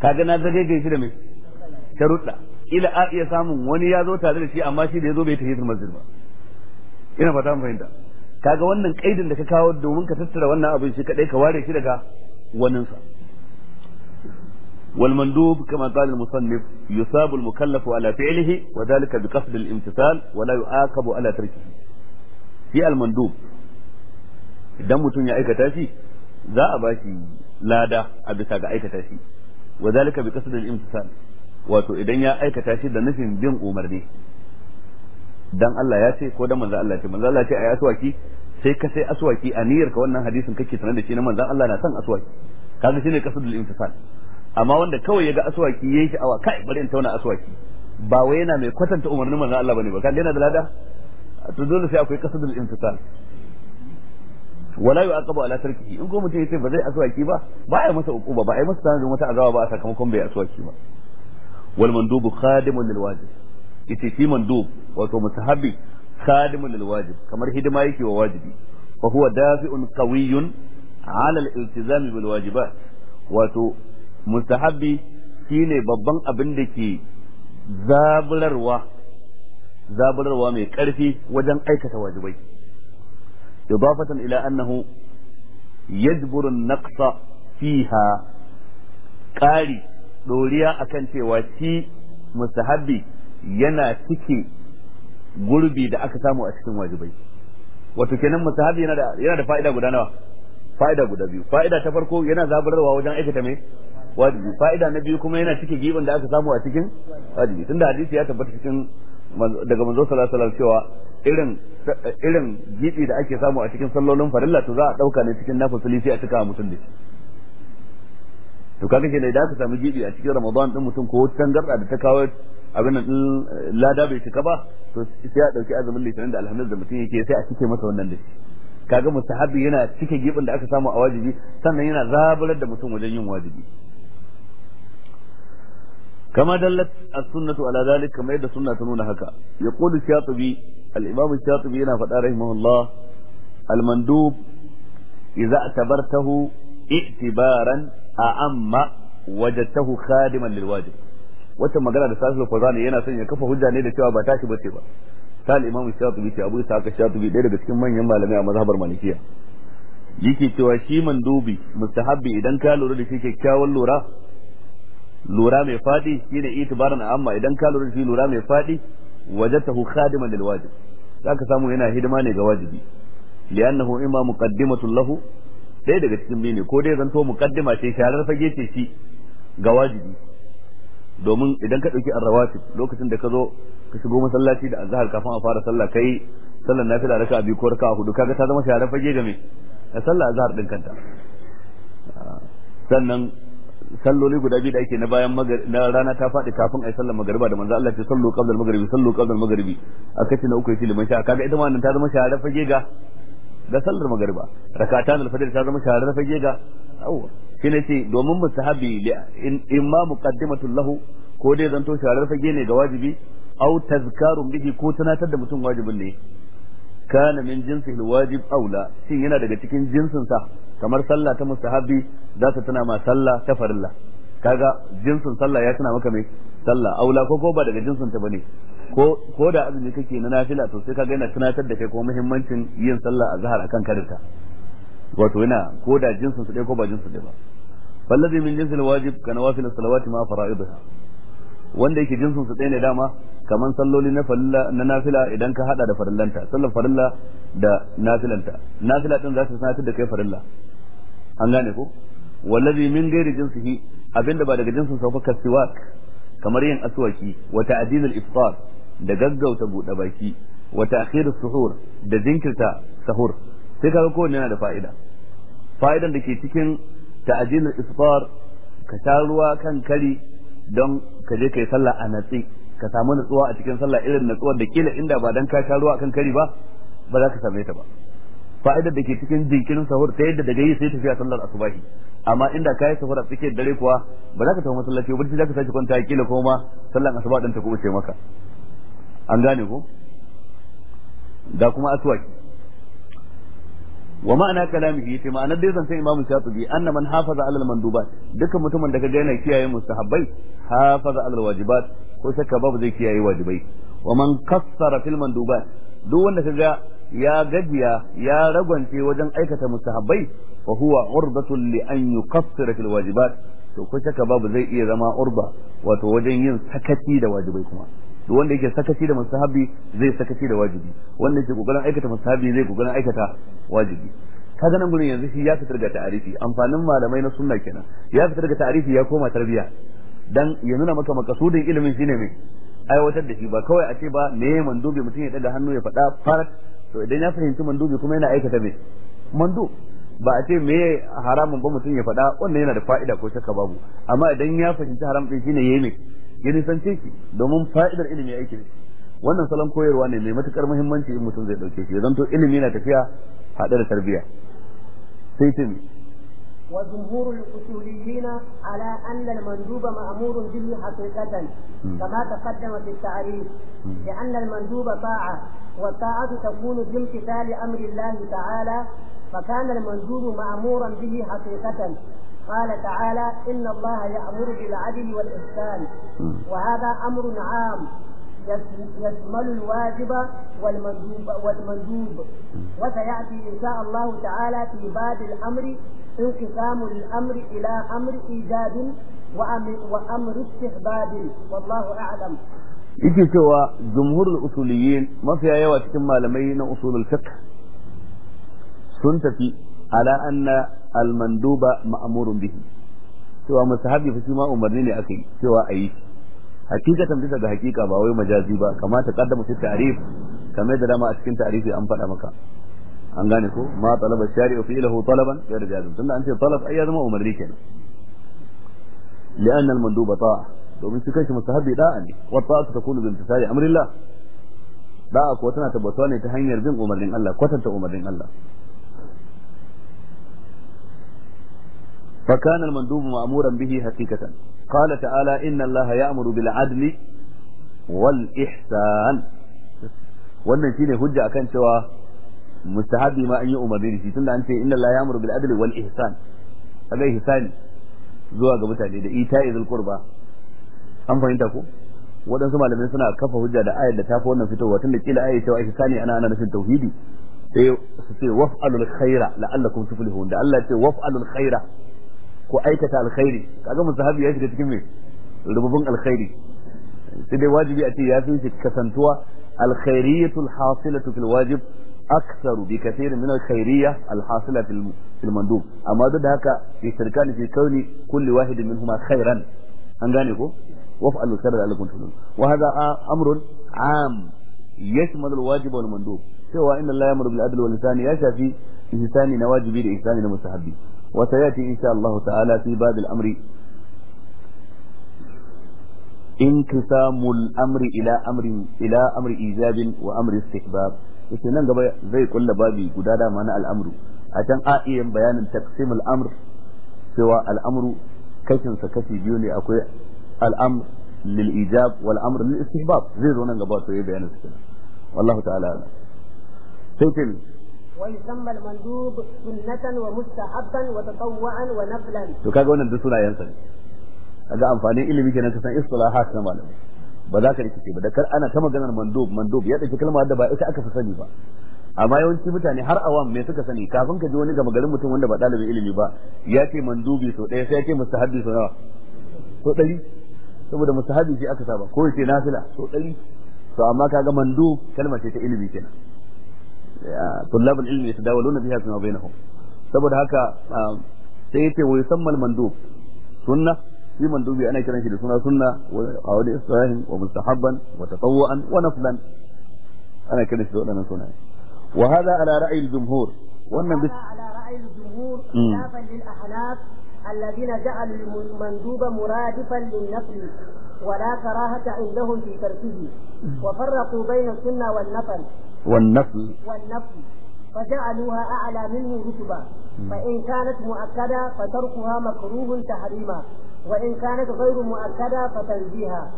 kaga na zagaye shi da me sharuɗa ila a iya samun wani ya zo tare da shi amma shi da ya zo bai tahiyatul masjid ba ina fata mun fahimta kaga wannan kaidin da ka kawo domin ka tattara wannan abin shi kadai ka ware shi daga waninsa والمندوب كما قال المصنف يثاب المكلف على فعله وذلك بقصد الامتثال ولا يعاقب على تركه في المندوب idan mutum ya aikata shi za a ba shi lada a bisa ga aikata shi wa zalika bi qasd al-imtisal wato idan ya aikata shi da nufin bin umarni dan Allah ya ce ko dan manzo Allah ya ce manzo Allah ya ce ayi aswaki sai ka sai aswaki a niyyar ka wannan hadisin kake sanar da shi na manzo Allah na san aswaki kaga shine qasd al-imtisal amma wanda kawai ya ga aswaki ya yi sha'awa kai bari in tauna aswaki ba wai yana mai kwatanta umarnin manzon Allah bane ba kan yana da lada to dole sai akwai kasadul intisal wala yu'aqabu ala tarkihi in ko mutum yace ba zai aswaki ba ba ya masa uquba ba ya masa sanin wata azaba ba sakamakon bai aswaki ba wal mandubu khadimun lil wajib yace shi mandub wato mustahabi khadimun lil wajib kamar hidima yake wa wajibi fa huwa dafi'un qawiyyun ala al iltizam bil wajibat wato mustahabbi shine babban abin da ke zaburarwa zaburarwa mai ƙarfi wajen aikata wajibai idafatan ila annahu yajburu naqsa fiha ƙari doriya akan cewa shi mustahabbi yana cike gurbi da aka samu a cikin wajibai wato kenan mustahabi yana da yana da fa'ida guda nawa fa'ida guda biyu fa'ida ta farko yana zaburarwa wajen aikata mai. wajibi fa'ida na biyu kuma yana cike giban da aka samu a cikin wajibi tunda hadisi ya tabbata cikin daga manzo sallallahu alaihi wasallam cewa irin irin gibi da ake samu a cikin sallolin farilla to za a dauka ne cikin nafsuli sai a cika mutum da shi to kaga kenan idan aka samu gibi a cikin ramadan din mutum ko garda da ta kawo abin nan eh, lada bai cika ba to sai a dauki azumin litinin da alhamdulillah da mutum yake sai a cike masa wannan da shi kaga musahabi yana cike gibin da aka samu a wajibi sannan yana zabarar da mutum wajen yin wajibi كما دلت السنة على ذلك كما يد السنة تنون هكا يقول الشاطبي الإمام الشاطبي هنا فتاه رحمه الله المندوب إذا اعتبرته اعتبارا أعم وجدته خادما للواجب wata magana da Salisu Fazani yana son ya kafa hujja ne da cewa ba tashi bace ba sal imamu shatibi ce abu isa shatibi ɗaya daga cikin manyan malamai a mazhabar malikiya yake cewa shi mandubi mustahabbi idan ka lura da shi kyakkyawan lura lura mai fadi shine itibaran amma idan ka lura shi lura mai fadi wajatahu khadiman lil wajib zaka samu yana hidima ne ga wajibi li'annahu imma muqaddimatul lahu dai daga cikin biyu ko dai zanto muqaddima ce sharar fage ce shi ga wajibi domin idan ka dauki arrawatib lokacin da ka zo ka shigo masallaci da azhar kafin a fara sallah kai sallar nafila raka'a biyu ko raka'a hudu kaga ta zama sharar fage ga me da sallar azhar din kanta sannan salloli guda biyu da ake na bayan na rana ta faɗi kafin a yi sallar magariba da manzo Allah ce sallu qabla magribi sallu qabla al-maghribi na uku yace liman sha kaga ita ma nan ta zama shahara fage ga ga sallar magariba rakatan al-fajr ta zama shahara fage ga awwa shi ne ce domin mustahabi imma muqaddimatul lahu ko dai zanto shahara fage ne ga wajibi au tazkarun bihi ko tunatar da mutum wajibin ne kana min jinsi alwajib aula shin yana daga cikin jinsin sa kamar sallah ta mustahabi za ta tana ma sallah ta farilla kaga jinsin sallah ya tana maka mai sallah aula ko ko ba daga jinsin ta bane ko ko da azumi kake na nafila to sai kaga yana tunatar da kai ko muhimmancin yin sallah a zahar akan karinta wato yana ko da jinsin su dai ko ba jinsin dai ba fallazi min jinsi wajib kana wafil salawati ma fara'idha wanda yake jinsin su ɗaya ne dama kaman salloli na farilla na nafila idan ka hada da farillanta sallar farilla da nafilanta nafila din za ta sanatar da kai farilla an gane ko wallazi min gairi jinsihi abinda ba daga jinsin sa ka siwak kamar yin aswaki wa ta'dil al-iftar da gaggauta bude baki wa ta'khir as-suhur da jinkirta sahur sai kaga kowanne yana da fa'ida fa'idan da ke cikin ta'dil al-iftar ka ruwa kan kari don ka je ka yi sallah a natsi ka samu natsuwa a cikin sallah irin natsuwar da kila inda ba dan ka sha ruwa kan kari ba ba za ka same ta ba fa'idar da ke cikin jinkirin sahur ta yadda daga yi sai tafiya sallar asubahi amma inda ka yi sahur a cikin dare kuwa ba za ka tafi masallaci ba za ka sake kwanta kila ko ma sallar asuba din ta kuma ce maka an gane ko da kuma asuwaki wa ma'ana kalamihi yace ma'anar dai zan san imamu shafi'i anna man hafaza alal mandubat dukkan mutumin da ka yana kiyaye mustahabbai hafaza alal wajibat ko shakka babu zai kiyaye wajibai wa man kassara fil mandubat duk wanda kaga ya gajiya ya ragance wajen aikata mustahabbai wa huwa urbatun li an yuqassira fil ko shakka babu zai iya zama urba wato wajen yin sakaci da wajibai kuma wanda yake sakaci da mustahabi zai sakaci da wajibi wanda yake kokarin aikata mustahabi zai kokarin aikata wajibi kaga nan gurin yanzu shi ya fitar da ta'arifi amfanin malamai na sunna kenan ya fitar da ta'arifi ya koma tarbiya dan ya nuna maka makasudin ilimin shine mai aiwatar da shi ba kawai a ce ba me mandubi mutum ya daga hannu ya faɗa farat to idan ya fahimci mandubi kuma yana aikata mai. mandu ba a ce me haramun ba mutum ya faɗa wannan yana da fa'ida ko shakka babu amma idan ya fahimci haram din shine yayi mai. ya nisance ki domin fa'idar ilimi aiki wannan salon koyarwa ne mai matukar muhimmanci in mutum zai dauke shi ya zanto ilimi na tafiya haɗe da tarbiyya sai ce mi وجمهور الأصوليين على أن المندوب مأمور به حقيقة كما تقدم في التعريف لأن المندوب طاعة والطاعة تكون بامتثال أمر الله تعالى فكان المندوب مأمورا به حقيقة قال تعالى إن الله يأمر بالعدل والإحسان وهذا أمر عام يشمل الواجب والمندوب والمندوب وسيأتي إن شاء الله تعالى في باب الأمر انقسام الأمر إلى أمر إيجاد وأمر استحباب والله أعلم يجي سوى جمهور الأصوليين ما في cikin malamai na usulul أصول الفقه tafi على أن almanduba ma'amurun bihi cewa musahabi fa shi ma umarni ne aka yi cewa a yi hakikatan bisa ga hakika ba wai majazi ba kamata kaddama shi ta'rif kamar da dama a cikin ta'rifi an faɗa maka an gane ko ma talaba shari'u fi lahu talaban ya da jazim tunda an ce talab ai ya zama umarni kenan li'anna al-manduba ta'a domin shi kanshi musahabi da'a ne wa ta'atu takunu bi imtisali amrillah da'a ko tana tabbatuwa ne ta hanyar bin umarnin Allah kwatanta umarnin Allah فكان المندوب مأمورا به حقيقة قال تعالى إن الله يأمر بالعدل والإحسان wannan shine hujja akan cewa mustahabi ma an yi umarni da shi tunda an ce inna la ya'muru bil adli wal ihsan kaga ihsani zuwa ga mutane da ita'i zul qurba an fahimta ko waɗansu malamai suna kafa hujja da ayar da ta fi wannan fitowa tunda kila ayar cewa ihsani ana ana nufin tauhidi sai su ce waf'alul khaira la'allakum tuflihun da Allah ya ce waf'alul khaira ko aikata alkhairi kaga musahabi ya shiga cikin me rububun alkhairi sai dai wajibi a ce ya fi shi kasantuwa alkhairiyatu alhasilatu fil wajib aktharu bi kathirin min alkhairiyya alhasilatu fil mandub amma duk da haka ishtirkani fi kauni kulli wahidin minhuma khairan an gane ko waf'alu sharra alakum tulun wa hadha amrun am yashmal alwajib wal mandub inna allaha yamuru bil adli wal ihsani ya shafi ihsani na wajibi da ihsani na mustahabi وسيأتي إن شاء الله تعالى في باب الأمر انقسام الأمر إلى أمر إلى أمر إيجاب وأمر استحباب yace nan gaba zai kulla babu guda da mana al'amru a can a iya bayanin taqsim al'amr cewa al'amru kashin sa kashi biyu ne akwai al'amr lil ijab wal amr lil zai zo nan gaba su ta'ala ويسمى المندوب سنة ومستحبا وتطوعا ونفلا to kaga wannan duk sunayen sa ne kaga amfanin ilimi kenan ka san istilahat na malami ba za ka rikice ba da kar ana ta maganar mandub mandub ya dauki kalmar da ba ita aka fi sani ba amma yawanci mutane har awam me suka sani kafin ka ji wani gama garin mutum wanda ba dalibin ilimi ba ya ce mandubi so ɗaya sai ya ce mustahabbi nawa so ɗari saboda mustahabbi aka saba ko ya ce nafila so ɗari to amma kaga mandub kalma ce ta ilimi kenan آه، طلاب العلم يتداولون بها فيما بينهم سبب هكا آه، سيتي ويسمى المندوب سنة في مندوبي أنا كنا كده سنة سنة وعودي إسرائيم ومستحبا وتطوعا ونفلا أنا كنا كده سنة وهذا على رأي الجمهور وأن على رأي الجمهور خلافا للأحلاف الذين جعلوا المندوب مرادفا للنفل ولا كراهة عندهم في تركه وفرقوا بين السنة والنفل والنفل والنفل فجعلوها أعلى منه رتبا فإن كانت مؤكدة فتركها مكروه تحريما وإن كانت غير مؤكدة فتنزيها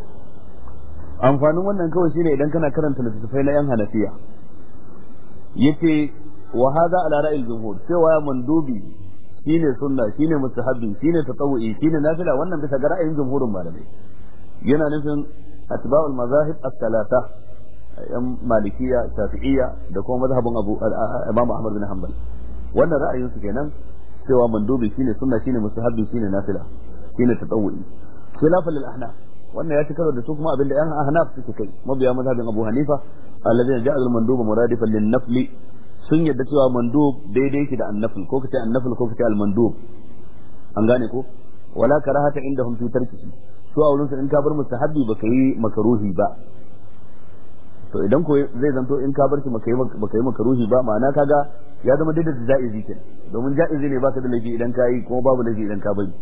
amfanin wannan kawai shine idan kana karanta littattafai na yan hanafiya yace wa hada ala ra'il jumhur cewa mandubi shine sunna shine mustahabbi shine tatawwi shine nafila wannan bisa ga ra'ayin jumhurin malamai yana nufin atba'ul mazahib as-salasa yan malikiya shafi'iyya da kuma mazhabin abu imam ahmad bin hanbal wannan ra'ayin su kenan cewa mandubi shine sunna shine mustahabbi shine nafila shine tatawwu'i khilafan lil ahnaf wannan ya ci karo da su kuma abinda yan ahnaf suke kai mabiya mazhabin abu hanifa alladhina ja'al al manduba muradifan lin nafli sun yadda cewa mandub daidai yake da annafil ko kace annafil ko kace al mandub an gane ko wala karahata indahum fi tarkihi su a wurin su in ka bar ba ka yi makaruhi ba to idan ko zai zanto in ka bar shi baka yi ruhi ba ma'ana kaga ya zama daidai da ja'izi kenan domin ja'izi ne ba ka da laifi idan ka yi kuma babu laifi idan ka bari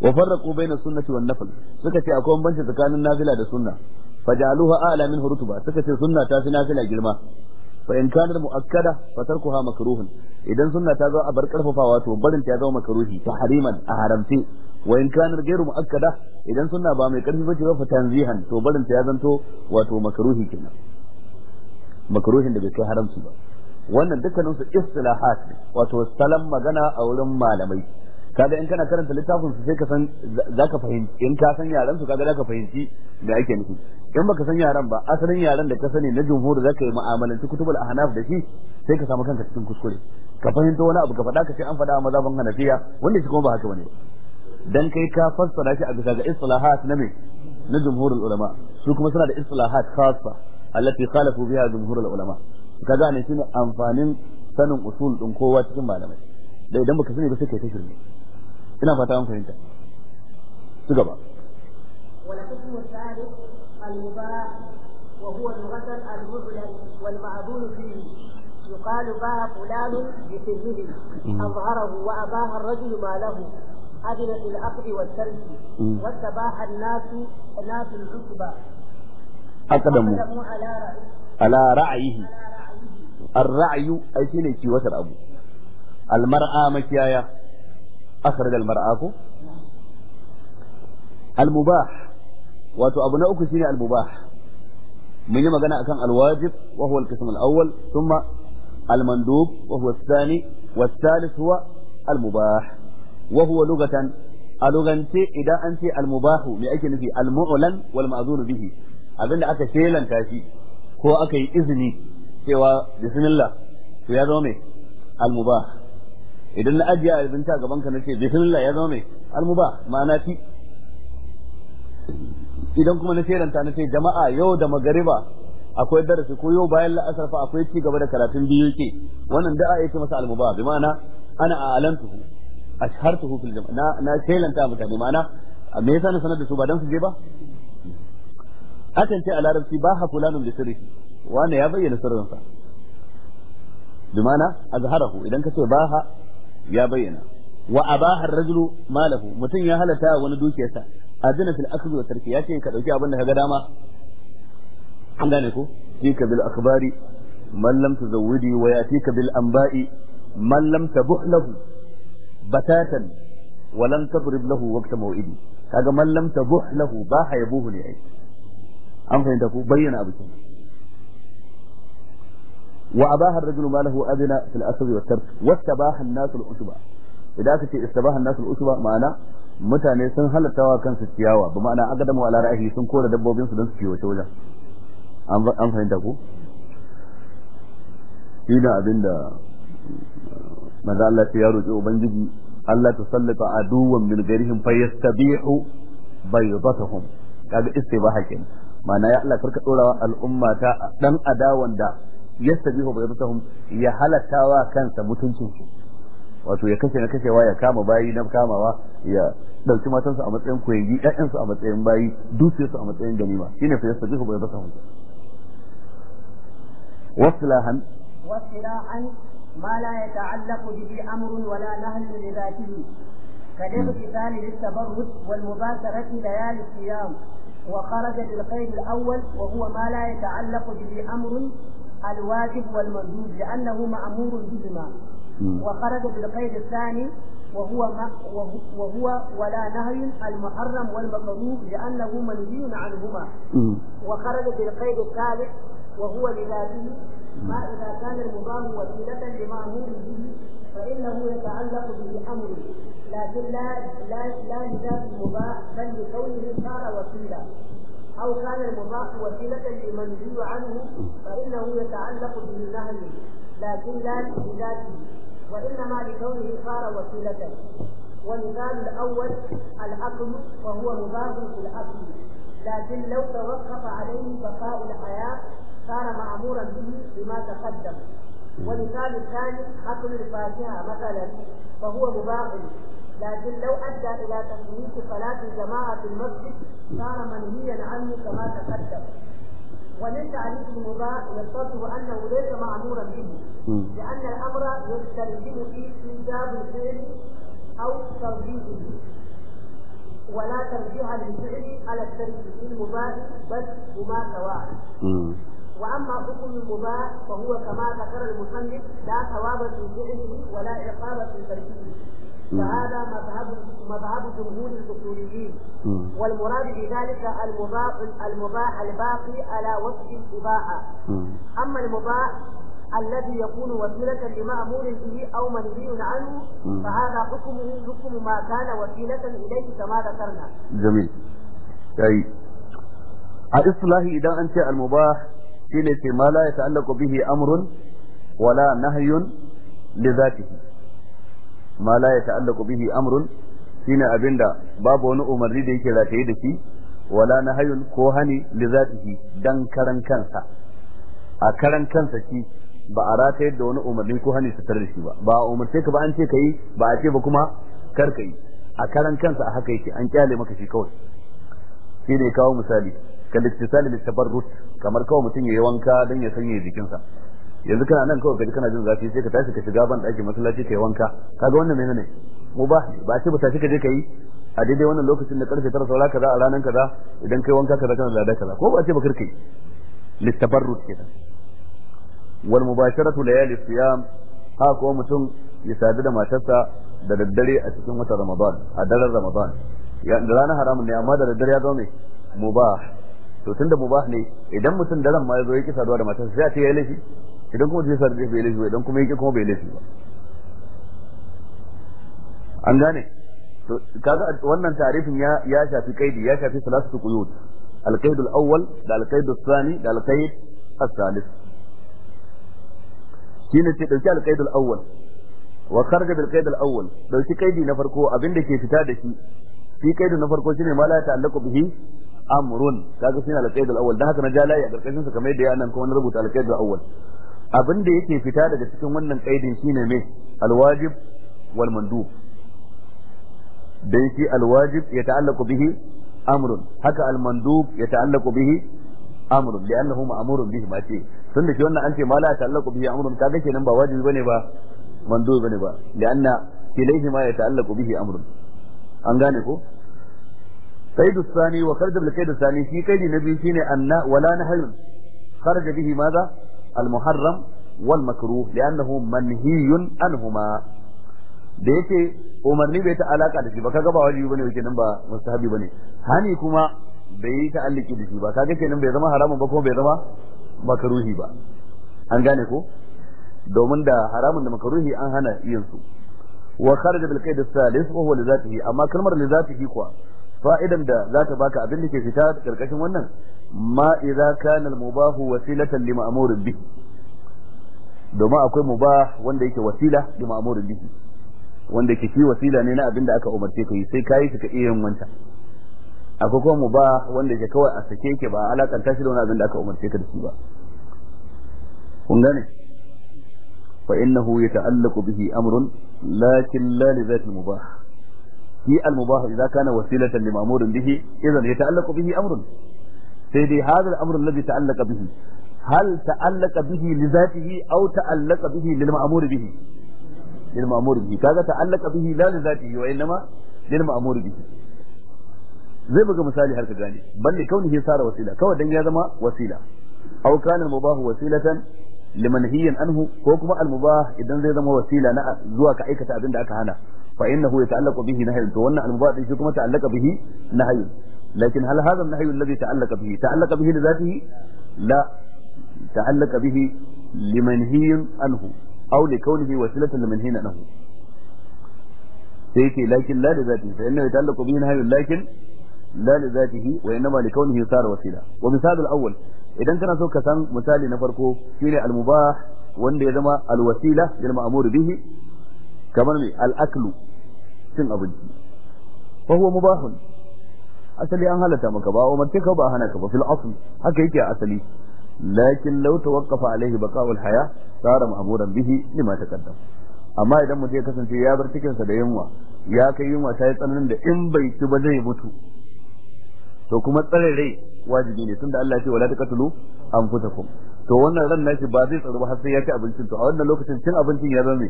wa farraqu baina sunnati wan nafl suka ce akwai bambanci tsakanin nafila da sunna fajaluha a'la min rutuba suka ce sunna ta fi nafila girma fa in kana mu'akkada fa tarkuha makruhun idan sunna ta zo a bar karfafawa to barin ta zama makruhi hariman a haramce wa in kana gairu muakkada idan sunna ba mai karfi bace ba fa tanzihan to barin ta ya zanto wato makruhi kenan makruhin da bai kai haramci ba wannan dukkanin su istilahat wato salam magana a wurin malamai kaga in kana karanta littafin su sai ka san zaka fahimci in ka san yaran su kaga zaka fahimci da ake nufi in baka san yaran ba asalin yaran da ka sani na jumhur zaka yi mu'amalanci kutubul ahnaf da shi sai ka samu kanka cikin kuskure ka fahimta wani abu ka faɗa ka ce an faɗa a mazhaban hanafiya wanda shi kuma ba haka bane ba dan kai ka fassara shi a bisa ga istilahat na me na jumhurul ulama su kuma suna da istilahat khassa allati khalafu biha jumhurul ulama kaga ne shine amfanin sanin usul din kowa cikin malamai da idan baka sani ba sai kai ta shirme ina fata an fahimta su gaba wala kusmu salih al-mubah wa huwa lughatan al-mudlal wal ma'dul fihi يقال باع فلان بسره أظهره وأباه الرجل ما له أذن في الأقض والشرك والسباح الناس ناس الحسبة أقدم على رأيه على رأيه الرعي أي شيء نيشي وسر أبو المرأة مكيايا أخرج المرأة أبو المباح واتو أبناؤك سيني المباح من يما قناع كان الواجب وهو القسم الأول ثم المندوب وهو الثاني والثالث هو المباح wa huwa lugatan a lugance idan an ce al-mubahu me ake nufi al-mu'lan wal ma'zur bihi abinda aka shelanta shi ko aka yi izini cewa bismillah to ya zama me al idan na ajiye abinci a gaban ka na ce bismillah ya zama me al ma'ana ti idan kuma na shelanta na ce jama'a yau da magariba akwai darasi ko yau bayan la'asar fa akwai ci gaba da karatun biyu ke wannan da'a yake masa al bi ma'ana ana alantu. ashhartuhu fil jama'a na na shelanta mutane ma'ana me yasa na sanar da su ba dan su je ba akan ce a larabci ba ha fulanun da sirri wanda ya bayyana sirrinsa bi ma'ana azharahu idan ka ce ba ha ya bayyana wa abaha ar-rajulu malahu mutum ya halata wani dukiyarsa azina fil akhdhi wa tarki yace ka dauki abin da kaga dama an gane ko tika bil akhbari man lam tuzawwidi wa yatika bil anba'i man lam tabuh batatan walan tadrib lahu waqta maw'idi kaga man lam tabuh lahu ba hayabuhu li ai an fahimta ku bayyana abu kenan wa abaha ar-rajulu ma lahu adna fil asr wa tark wastabaha an-nas al-usba idan aka ce istabaha an-nas al-usba ma'ana mutane sun halatta wa kansu ciyawa ba ma'ana agadamu ala ra'ayi sun kora dabbobin su don su kiwace wajen an fahimta ku Ina abinda manzo Allah ya roki ubangiji Allah ta sallata aduwan min garihim fayastabihu baydatahum kaga istibaha kenan ma'ana ya Allah karka dorawa al'umma ta dan adawan da yastabihu baydatahum ya halatawa kansa mutuncin su wato ya kashe na kashewa ya kama bayi na kamawa ya dauki matansu a matsayin koyi ƴaƴansu a matsayin bayi dukiyarsu a matsayin ganima shine fayastabihu baydatahum wasilahan wasilahan ما لا يتعلق به أمر ولا نهل لذاته كالاغتسال للتبرد والمباشرة ليالي الصيام وخرج بالقيد الأول وهو ما لا يتعلق به أمر الواجب والمردود لأنه مأمور بهما وخرج بالقيد الثاني وهو ما وهو ولا نهي المحرم والمكروه لأنه منهي عنهما وخرج بالقيد الثالث وهو لذاته ما إذا كان المضاف وسيلة لمأمور به فإنه يتعلق به أمر لكن لا لا لا لذات المضاف بل لكونه صار وسيلة أو كان المضاف وسيلة لمنزل عنه فإنه يتعلق به نهي لكن لا لذاته وإنما لكونه صار وسيلة والمثال الأول الأكل وهو مضاف في الأكل لكن لو توقف عليه بقاء الحياة كان مأمورا به بما تقدم ومثال الثاني أكل الفاكهة مثلا فهو مباح لكن لو أدى إلى تفويت صلاة الجماعة في المسجد صار منهيا عنه كما تقدم ومن تعريف المباح يتضح أنه ليس مأمورا به لأن الأمر يستلزم في إيجاب الفعل أو ترجيحه ولا ترجيح للفعل على الترك في المباح بل هما سواء واما حكم المباح فهو كما ذكر المصنف لا ثواب في فعله ولا عقاب في تركه فهذا مذهب مذهب جمهور الاصوليين والمراد بذلك المباح المباح الباقي على وجه الاباحه اما المباح الذي يكون وسيلة لمأمور به أو منهي عنه فهذا حكمه حكم ما كان وسيلة إليه كما ذكرنا. جميل. طيب. أي اصطلاحي إذا أنت المباح shine ce ma la ta'allaqu bihi amrun wala nahyun li zatihi ma la ta'allaqu bihi amrun shine abinda babu wani umarni da yake rataye da shi wala nahyun ko hani li zatihi dan karan kansa a karan kansa shi ba a rata da wani umarni ko hani su da shi ba ba a umarce ka ba an ce ka yi ba a ce ba kuma kar ka yi a karan kansa a haka yake an kyale maka shi kawai shine kawo misali kalittisali littisali littabarrut kamar kawai mutum ya yi wanka don ya sanya jikinsa yanzu kana nan kawai kaji kana jin zafi sai ka tashi ka shiga ban ɗaki masallaci ka yi wanka kaga wannan menene mu ba ba ce ba tashi ka je ka yi a daidai wannan lokacin da karfe tara saura kaza a ranar kaza idan kai wanka kaza kana lada kaza ko ba ce ba kirkai littabarrut kenan wal mubasharatu layali siyam ha ko mutum ya sadu da matarsa da daddare a cikin watan ramadan a daren ramadan ya da ranar haramun ne amma da daddare ya zo mai mubah to tunda mubah ne idan mutum ran ma ya zo yake saduwa da matarsa sai a ce ya laifi idan kuma sai sarje bai laifi idan kuma yake kuma bai laifi ba an gane to kaga wannan tarifin ya ya shafi kaidi ya shafi salatu quyud al-qaid al-awwal da al-qaid al-thani da al-qaid al-thalith shine sai dauki al-qaid al-awwal wa kharaja bil qaid al-awwal dauki kaidi na farko abinda ke fita da shi shi kaidi na farko shine ma la ta'allaqu bihi amrun kaga sai al-qaid al-awwal dan haka na ja layi a karkashin sa kamar yadda ya nan kuma na rubuta al-qaid al-awwal abin da yake fita daga cikin wannan kaidin shine me al-wajib wal mandub dan shi al-wajib ya ta'allaqu bihi amrun haka al-mandub ya ta'allaqu bihi amrun annahu ma'murun bihi ma ce tun da shi wannan an ce ma la ta'allaqu bihi amrun kaga kenan ba wajibi bane ba mandub bane ba li'anna ilayhi ma ya ta'allaqu bihi amrun an gane ko قيد الثاني وخرج بالقيد الثاني في قيد النبي شين أن ولا نهي خرج به ماذا المحرم والمكروه لأنه منهي عنهما da yake umarni bai ta alaka da shi ba kaga ba wajibi bane yake nan ba mustahabi bane hani kuma bai yi ta'alliki da shi ba kaga kenan bai zama haramun ba kuma bai zama makaruhi ba an gane ko domin da haramun da makaruhi an hana yin su wa kharaja bil qaid as-salis wa huwa li amma kalmar li zatihi kuwa fa'idan da za ta baka abin da ke fita karkashin wannan ma idza kana al-mubahu wasilatan li ma'murin bihi domin akwai mubah wanda yake wasila li ma'murin bihi wanda yake shi wasila ne na abin da aka umarce ka yi sai kai shi ka iya yin wanta akwai kuma mubah wanda yake kawai a sake yake ba alakanta shi da wani abin da aka umarce ka da shi ba kun gane fa innahu yata'allaqu bihi amrun lakin la li dhati mubah shi al-mubah idza kana wasilatan limamurun bihi idan yata'allaqu bihi amrun sai dai hadha al-amru alladhi bihi hal ta'allaqa bihi li zatihi aw bihi lil ma'mur bihi lil ma'mur bihi kaga ta'allaqa bihi la li zatihi wa innama lil ma'mur bihi zai buga misali har ka gane balle kaunihi sara wasila kawai dan ya zama wasila aw kana al-mubah wasilatan limanhiyan anhu ko kuma al idan zai zama wasila na zuwa ka aikata abin da aka hana fa innahu yata'allaqu bihi nahyun to wannan al shi kuma ta'allaqa bihi nahyun lakin hal hadha an-nahy alladhi ta'allaka bihi ta'allaka bihi li dhatihi la ta'allaqa bihi limanhiyin anhu aw li kawnihi wasilatan limanhiyin anhu sai yake lakin la li dhatihi fa innahu yata'allaqu bihi nahyun lakin la li dhatihi wa innama li kawnihi sar wasila wa misal al-awwal idan kana so ka san misali na farko shine al-mubah wanda ya zama alwasila wasila lil ma'mur bihi kamar me alaklu. cin abinci fa huwa mubahun asali an halatta maka ba wa mace ka ba hana ka ba fil haka yake asali lakin law tawaqqafa alayhi baqa'ul haya sara mamuran bihi lima taqaddam amma idan mutum ya kasance ya bar cikin sa da yunwa ya kai yunwa ta yi tsananin da in bai ci ba zai mutu to kuma tsare rai wajibi ne tunda Allah ya ce wala taqtulu anfusakum to wannan ran nashi ba zai tsaro ba har sai ya ci abincin to a wannan lokacin cin abincin ya zama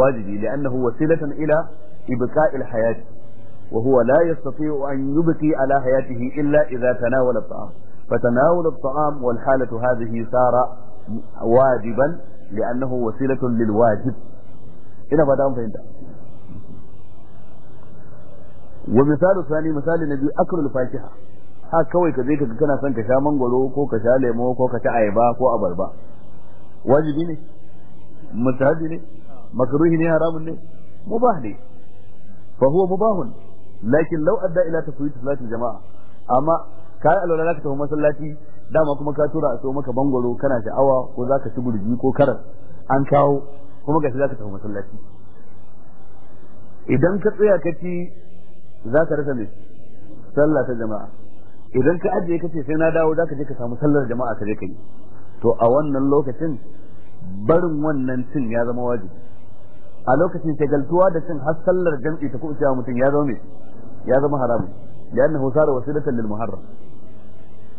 wajibi li'annahu wasilatan ila إبكاء الحياة وهو لا يستطيع أن يبكي على حياته إلا إذا تناول الطعام فتناول الطعام والحالة هذه صار واجبا لأنه وسيلة للواجب إنا بدأ فهمت ومثال ثاني مثال النبي أكل الفاكهة ها كوي كزي je ka kana son ka sha mangwaro ko ka sha lemo ko ka ci ayaba ko abarba wajibi ne mutahabi ne fa huwa mubahun lakin law adda ila tafwit salati jama'a amma ka yi alwala zaka tafi masallaci dama kuma ka tura a so maka bangoro kana sha'awa ko zaka ci gurji ko karas an kawo kuma gashi zaka tafi masallaci idan ka tsaya ka ci zaka rasa ne sallah ta jama'a idan ka ajiye ka ce sai na dawo zaka je ka samu sallar jama'a ka je ka yi to a wannan lokacin barin wannan cin ya zama wajibi a lokacin shagaltuwa da cin har sallar jam'i ta kuɓuce wa mutum ya zama mai ya zama haramun li'annahu sara wasilatan lil muharram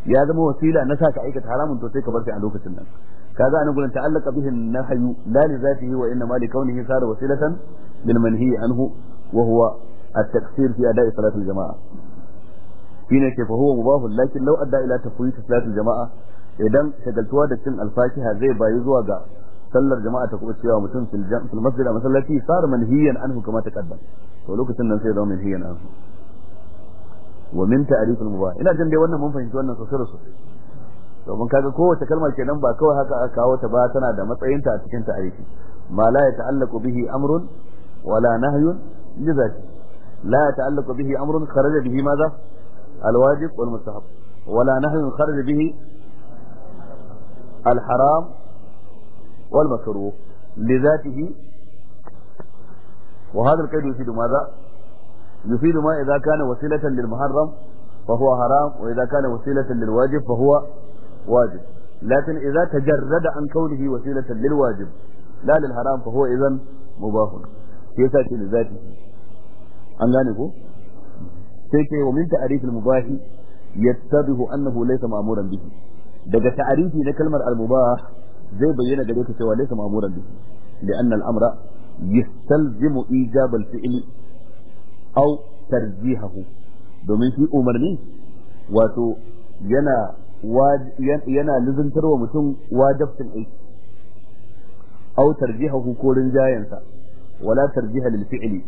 ya zama wasila na saka aikata haramun to sai ka bar shi a lokacin nan kaga an gurin ta'allaka bihi nahyu la li zatihi wa inma li kaunihi sara wasilatan lil manhi anhu wa huwa at-taqsir fi ada'i salat al-jama'a shine ke fa huwa mubah lakin law adda ila tafwit salat al-jama'a idan shagaltuwa da cin al-fatiha zai bayu zuwa ga sallar jama'a ta kuma cewa mutum fil fil masjid a masallaci sar manhiyan anhu kama ta kaddam to lokacin nan sai zama manhiyan anhu wa min ta'rif al mubah ina jin dai wannan mun fahimci wannan sosai sosai to mun kaga kowace kalma kenan ba kawai haka aka kawo ta ba tana da matsayin ta a cikin ta'rifi ma la yata'allaqu bihi amrun wala nahyun lizati la yata'allaqu bihi amrun kharaja bihi madha al wajib wal الواجب والمستحب nahyun kharaja bihi al haram والمكروه لذاته وهذا القيد يفيد ماذا يفيد ما إذا كان وسيلة للمحرم فهو حرام وإذا كان وسيلة للواجب فهو واجب لكن إذا تجرد عن كونه وسيلة للواجب لا للحرام فهو إذا مباح يسأتي لذاته أن لا نقول ومن تعريف المباح يتضح أنه ليس مأمورا به daga تعريفي na kalmar المباح zai bayyana gare ka cewa laysa ma'muran bihi li anna al-amra yastalzimu ijab al-fi'li aw tarjihahu domin shi umarni wato yana yana lizantarwa mutum wajibcin aiki aw tarjihahu ko rinjayansa wala tarjiha lil fi'li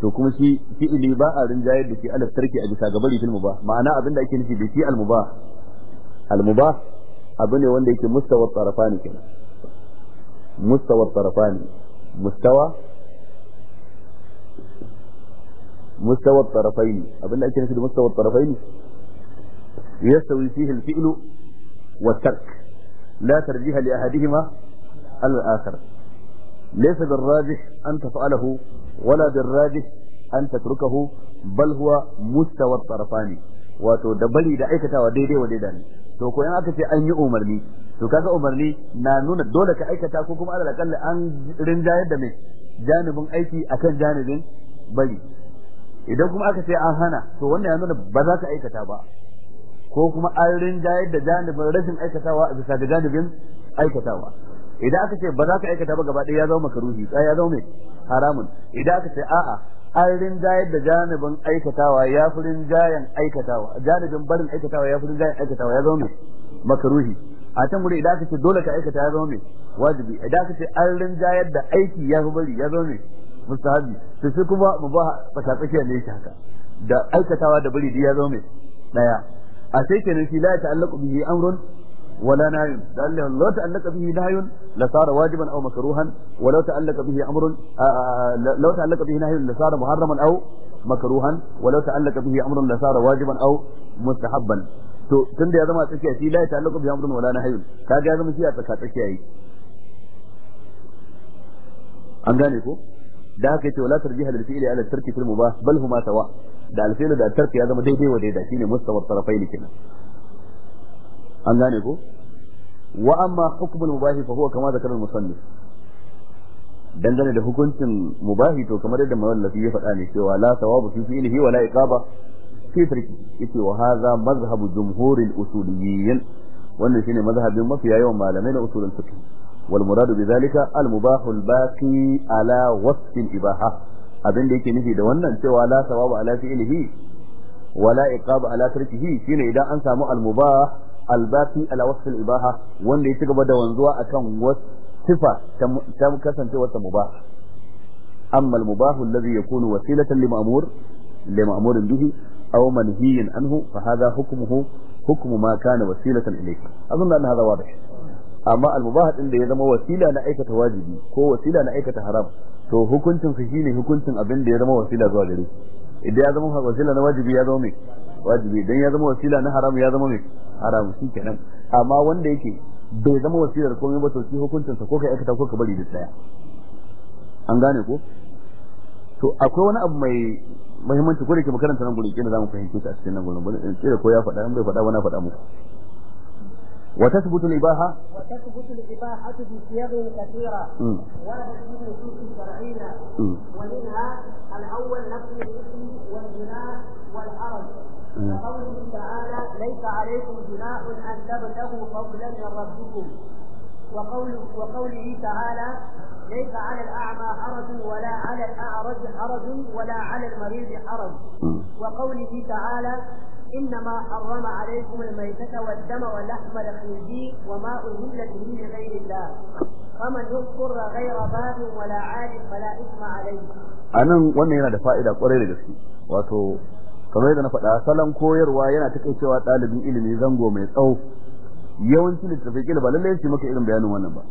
to kuma shi fi'li ba a rinjayar da shi alaf tarki a bisa gabari fil mubah ma'ana abinda ake nufi da shi al mubah al mubah abu ne wanda yake mustawar tarafani kenan mustawar tarafani mustawa mustawar tarafaini abin da ake nufi da mustawar tarafaini yastawi fihi al-fi'lu wa tark la tarjiha li ahadihima al-akhar laysa bil-rajih an taf'alahu wala bil-rajih an tatrukahu bal huwa mustawar tarafani wato da bari da aikatawa daidai wa daidai ne to ko in aka ce an yi umarni to kaga umarni na nuna dole ka aikata ko kuma alal akalla an rinjayar da mai janibin aiki akan janibin bari idan kuma aka ce an hana to wannan ya nuna ba za ka aikata ba ko kuma an rinjayar da janibin rashin aikatawa a bisa ga janibin aikatawa idan aka ce ba za ka aikata ba gaba ɗaya ya zama makaruhi ya zama mai haramun idan aka ce a'a an rinjayar da janibin aikatawa ya fi rinjayen aikatawa janibin barin aikatawa ya fi rinjayen aikatawa ya zama makaruhi a can wuri idan aka ce dole ka aikata ya zama wajibi idan aka ce an rinjayar da aiki ya fi bari ya zama mustahabi to shi kuma mu mubaha tsakiya ne yake haka da aikatawa da bari ya zama daya a sai kenan shi la ta'allaqu bihi amrun ولا نهي قال لو تعلق به نهي لصار واجبا او مكروها ولو تعلق به امر آه، آه، آه، لو تعلق به نهي لصار محرما او مكروها ولو تعلق به امر لصار واجبا او مستحبا تندي هذا ما تكي في لا يتعلق به امر ولا نهي كاجي هذا مشي اتكا تكي اي انغاني كو da kai ce wala tarjiha lil fi'li ala tarki fil mubah bal huma sawa da al fi'lu da tarki ya zama daidai an gane ko wa amma hukmul mubahi fa huwa kama musannif dangane da hukuncin mubahi to kamar yadda mawallafi ya faɗa ne cewa la sawabu fi fi'lihi wa la iqaba fi tarki yace wa hadha jumhuril usuliyyin wannan shine mafiya yawan malamai na usulul fiqh wal murad bi zalika al mubahu al baqi ala wasf al ibaha abin da yake nufi da wannan cewa la sawabu ala fi'lihi wa la iqaba ala tarkihi shine idan an samu al mubah albaqi ala wasf al-ibaha wanda ya ci gaba da wanzuwa a akan sifa ta kasance wata mubaha amma al-mubahu alladhi yakunu wasilatan li ma'mur li ma'murin bihi aw manhiyin anhu fa hadha hukmuhu hukmu ma kana wasilatan ilayhi azun anna hadha wadih amma al-mubah din da ya zama wasila na aikata wajibi ko wasila na aikata haram to hukuncin su shine hukuncin abin da ya zama wasila zuwa gare idan ya zama wasila na wajibi ya zama me wajibi dan ya zama wasila na haram ya zama mai haram shi kenan amma wanda yake bai zama wasilar komai ba to shi hukuncin sa ko kai aikata ko ka bari da tsaya an gane ko to akwai wani abu mai muhimmanci ko da ke makaranta nan gurin kina zamu fahimce ta cikin nan gurin ba kira ko ya faɗa an bai faɗa wani faɗa muku وتثبت الإباحة وتثبت الإباحة بسياق كثيرة وردت في نصوص شرعية ومنها الأول نفي الإثم والجناح والحرج وقوله تعالى ليس عليكم جناح أن تبتغوا فضلا من ربكم وقوله, وقوله تعالى ليس على الأعمى حرج ولا على الأعرج حرج ولا على المريض حرج وقوله تعالى إنما حرم عليكم الميتة والدم ولحم الخنزير وما أهل به لغير الله فمن يذكر غير باب ولا عاد فلا إثم عليه أنا وأنا هنا فائدة قريبة wato kamar yadda na faɗa salon koyarwa yana cewa ɗalibin ilimi zango mai tsawo yawanci littattafai kila ba lallai su maka irin bayanin wannan ba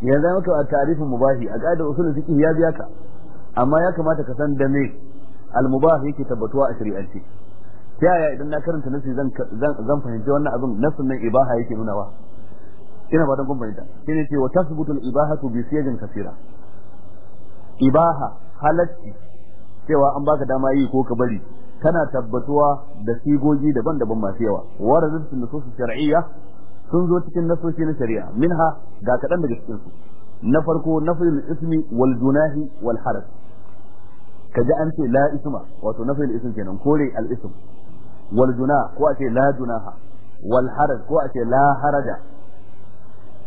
yanzu ya maka a tarifin mubahi a ƙa'idar usulun fiqh ya biya ka amma ya kamata ka san da me al-mubah yake tabbatuwa a shari'ance yaya idan na karanta nasi zan zan fahimci wannan abin nasin nan ibaha yake nuna wa ina ba don kun fahimta ne ce wa tasbutul ibahatu bi siyajin kasira ibaha halatti cewa an baka dama yi ko ka bari Kana tabbatuwa da sigogi daban-daban masu yawa waradat nusus shar'iyya sun zo cikin nasoshi na shari'a minha ga kaɗan daga cikin su na farko nafyul ismi wal junahi wal haraj kaji an ce la isma wato nafyul ism kenan kore al ism wal junah ko a ce la junaha wal haraj ko a ce la haraja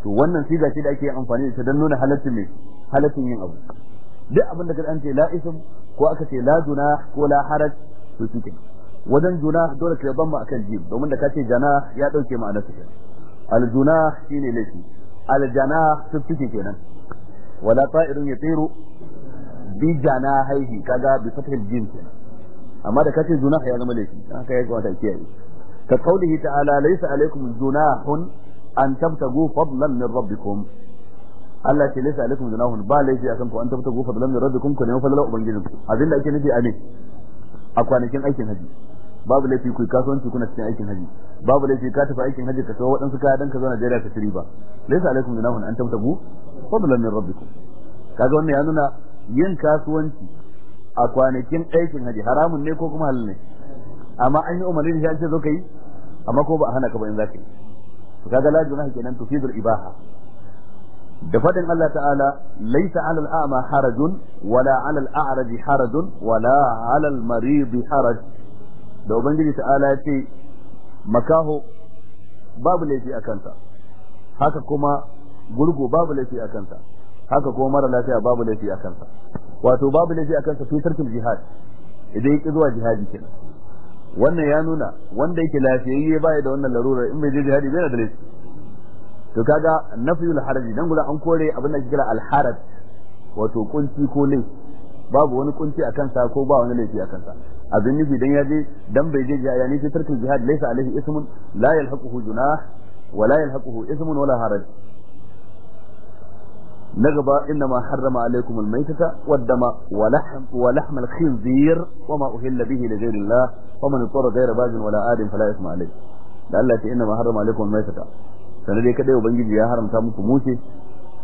to wannan siga ce da ake amfani da ita don nuna halaccin mai halaccin yin abu duk abin da kaɗan ce la ism ko aka ce la junah ko la haraj to shi kenan wajen juna dole ka ban ma akan jim domin da kace jana ya dauke ma'ana sa aljuna shine laifi aljana tufiki kenan wala ta'irun yatiru bi jana haihi kaga bi fathil jin kenan amma da kace juna ya zama laifi haka ya wata kiyaye ka kaulihi ta'ala laysa alaikum junahun an tabtagu fadlan min rabbikum Allah ce laysa alaikum junahun ba laifi akan ku an tabtagu fadlan min rabbikum ku ne fadlan ubangijinku abinda ake nufi a ne a kwanakin aikin haji babu laifi ku kasuwanci kuna cikin aikin haji babu laifi ka tafi aikin haji ka sayo waɗansu kaya don ka zo Najeriya ka shiri ba laysa alaikum junahun an tabtagu fadlan min rabbikum kaga wannan ya nuna yin kasuwanci a kwanakin aikin haji haramun ne ko kuma halal ne amma an yi umarni da shi an ce zo kai amma ko ba a hana ka ba in za ka yi kaga la junaha kenan tufidul ibaha da faɗin Allah ta'ala laisa 'alal a'ma harajun wala 'alal a'raj harajun wala 'alal marid haraj da ubangiji ta'ala ya ce makaho babu laifi a kansa haka kuma gurgu babu laifi a kansa haka kuma mara lafiya babu laifi a kansa wato babu laifi a kansa fi tarkin jihad idan yake zuwa jihadi kenan wannan ya nuna wanda yake lafiyayye baya da wannan larura in bai je jihadi bai da laifi to kaga nafiyul haraji dan gura an kore abin da kira al haraj wato kunci ko ne babu wani kunci akan sa ko ba wani laifi akan sa abin nufi dan yaje dan bai je ya ne tarkin jihad laysa alaihi ismun la yalhaquhu junah wa la yalhaquhu ismun wala haraj nagaba inna ma harrama alaikum almaytata waddama wa lahm wa lahm alkhinzir wa ma uhilla bihi li ghayri wa man tora ghayra bajin wala adin fala isma alayhi da Allah ya ce inna ma harrama alaikum almaytata sanar dai kadai ubangiji ya haramta muku mushe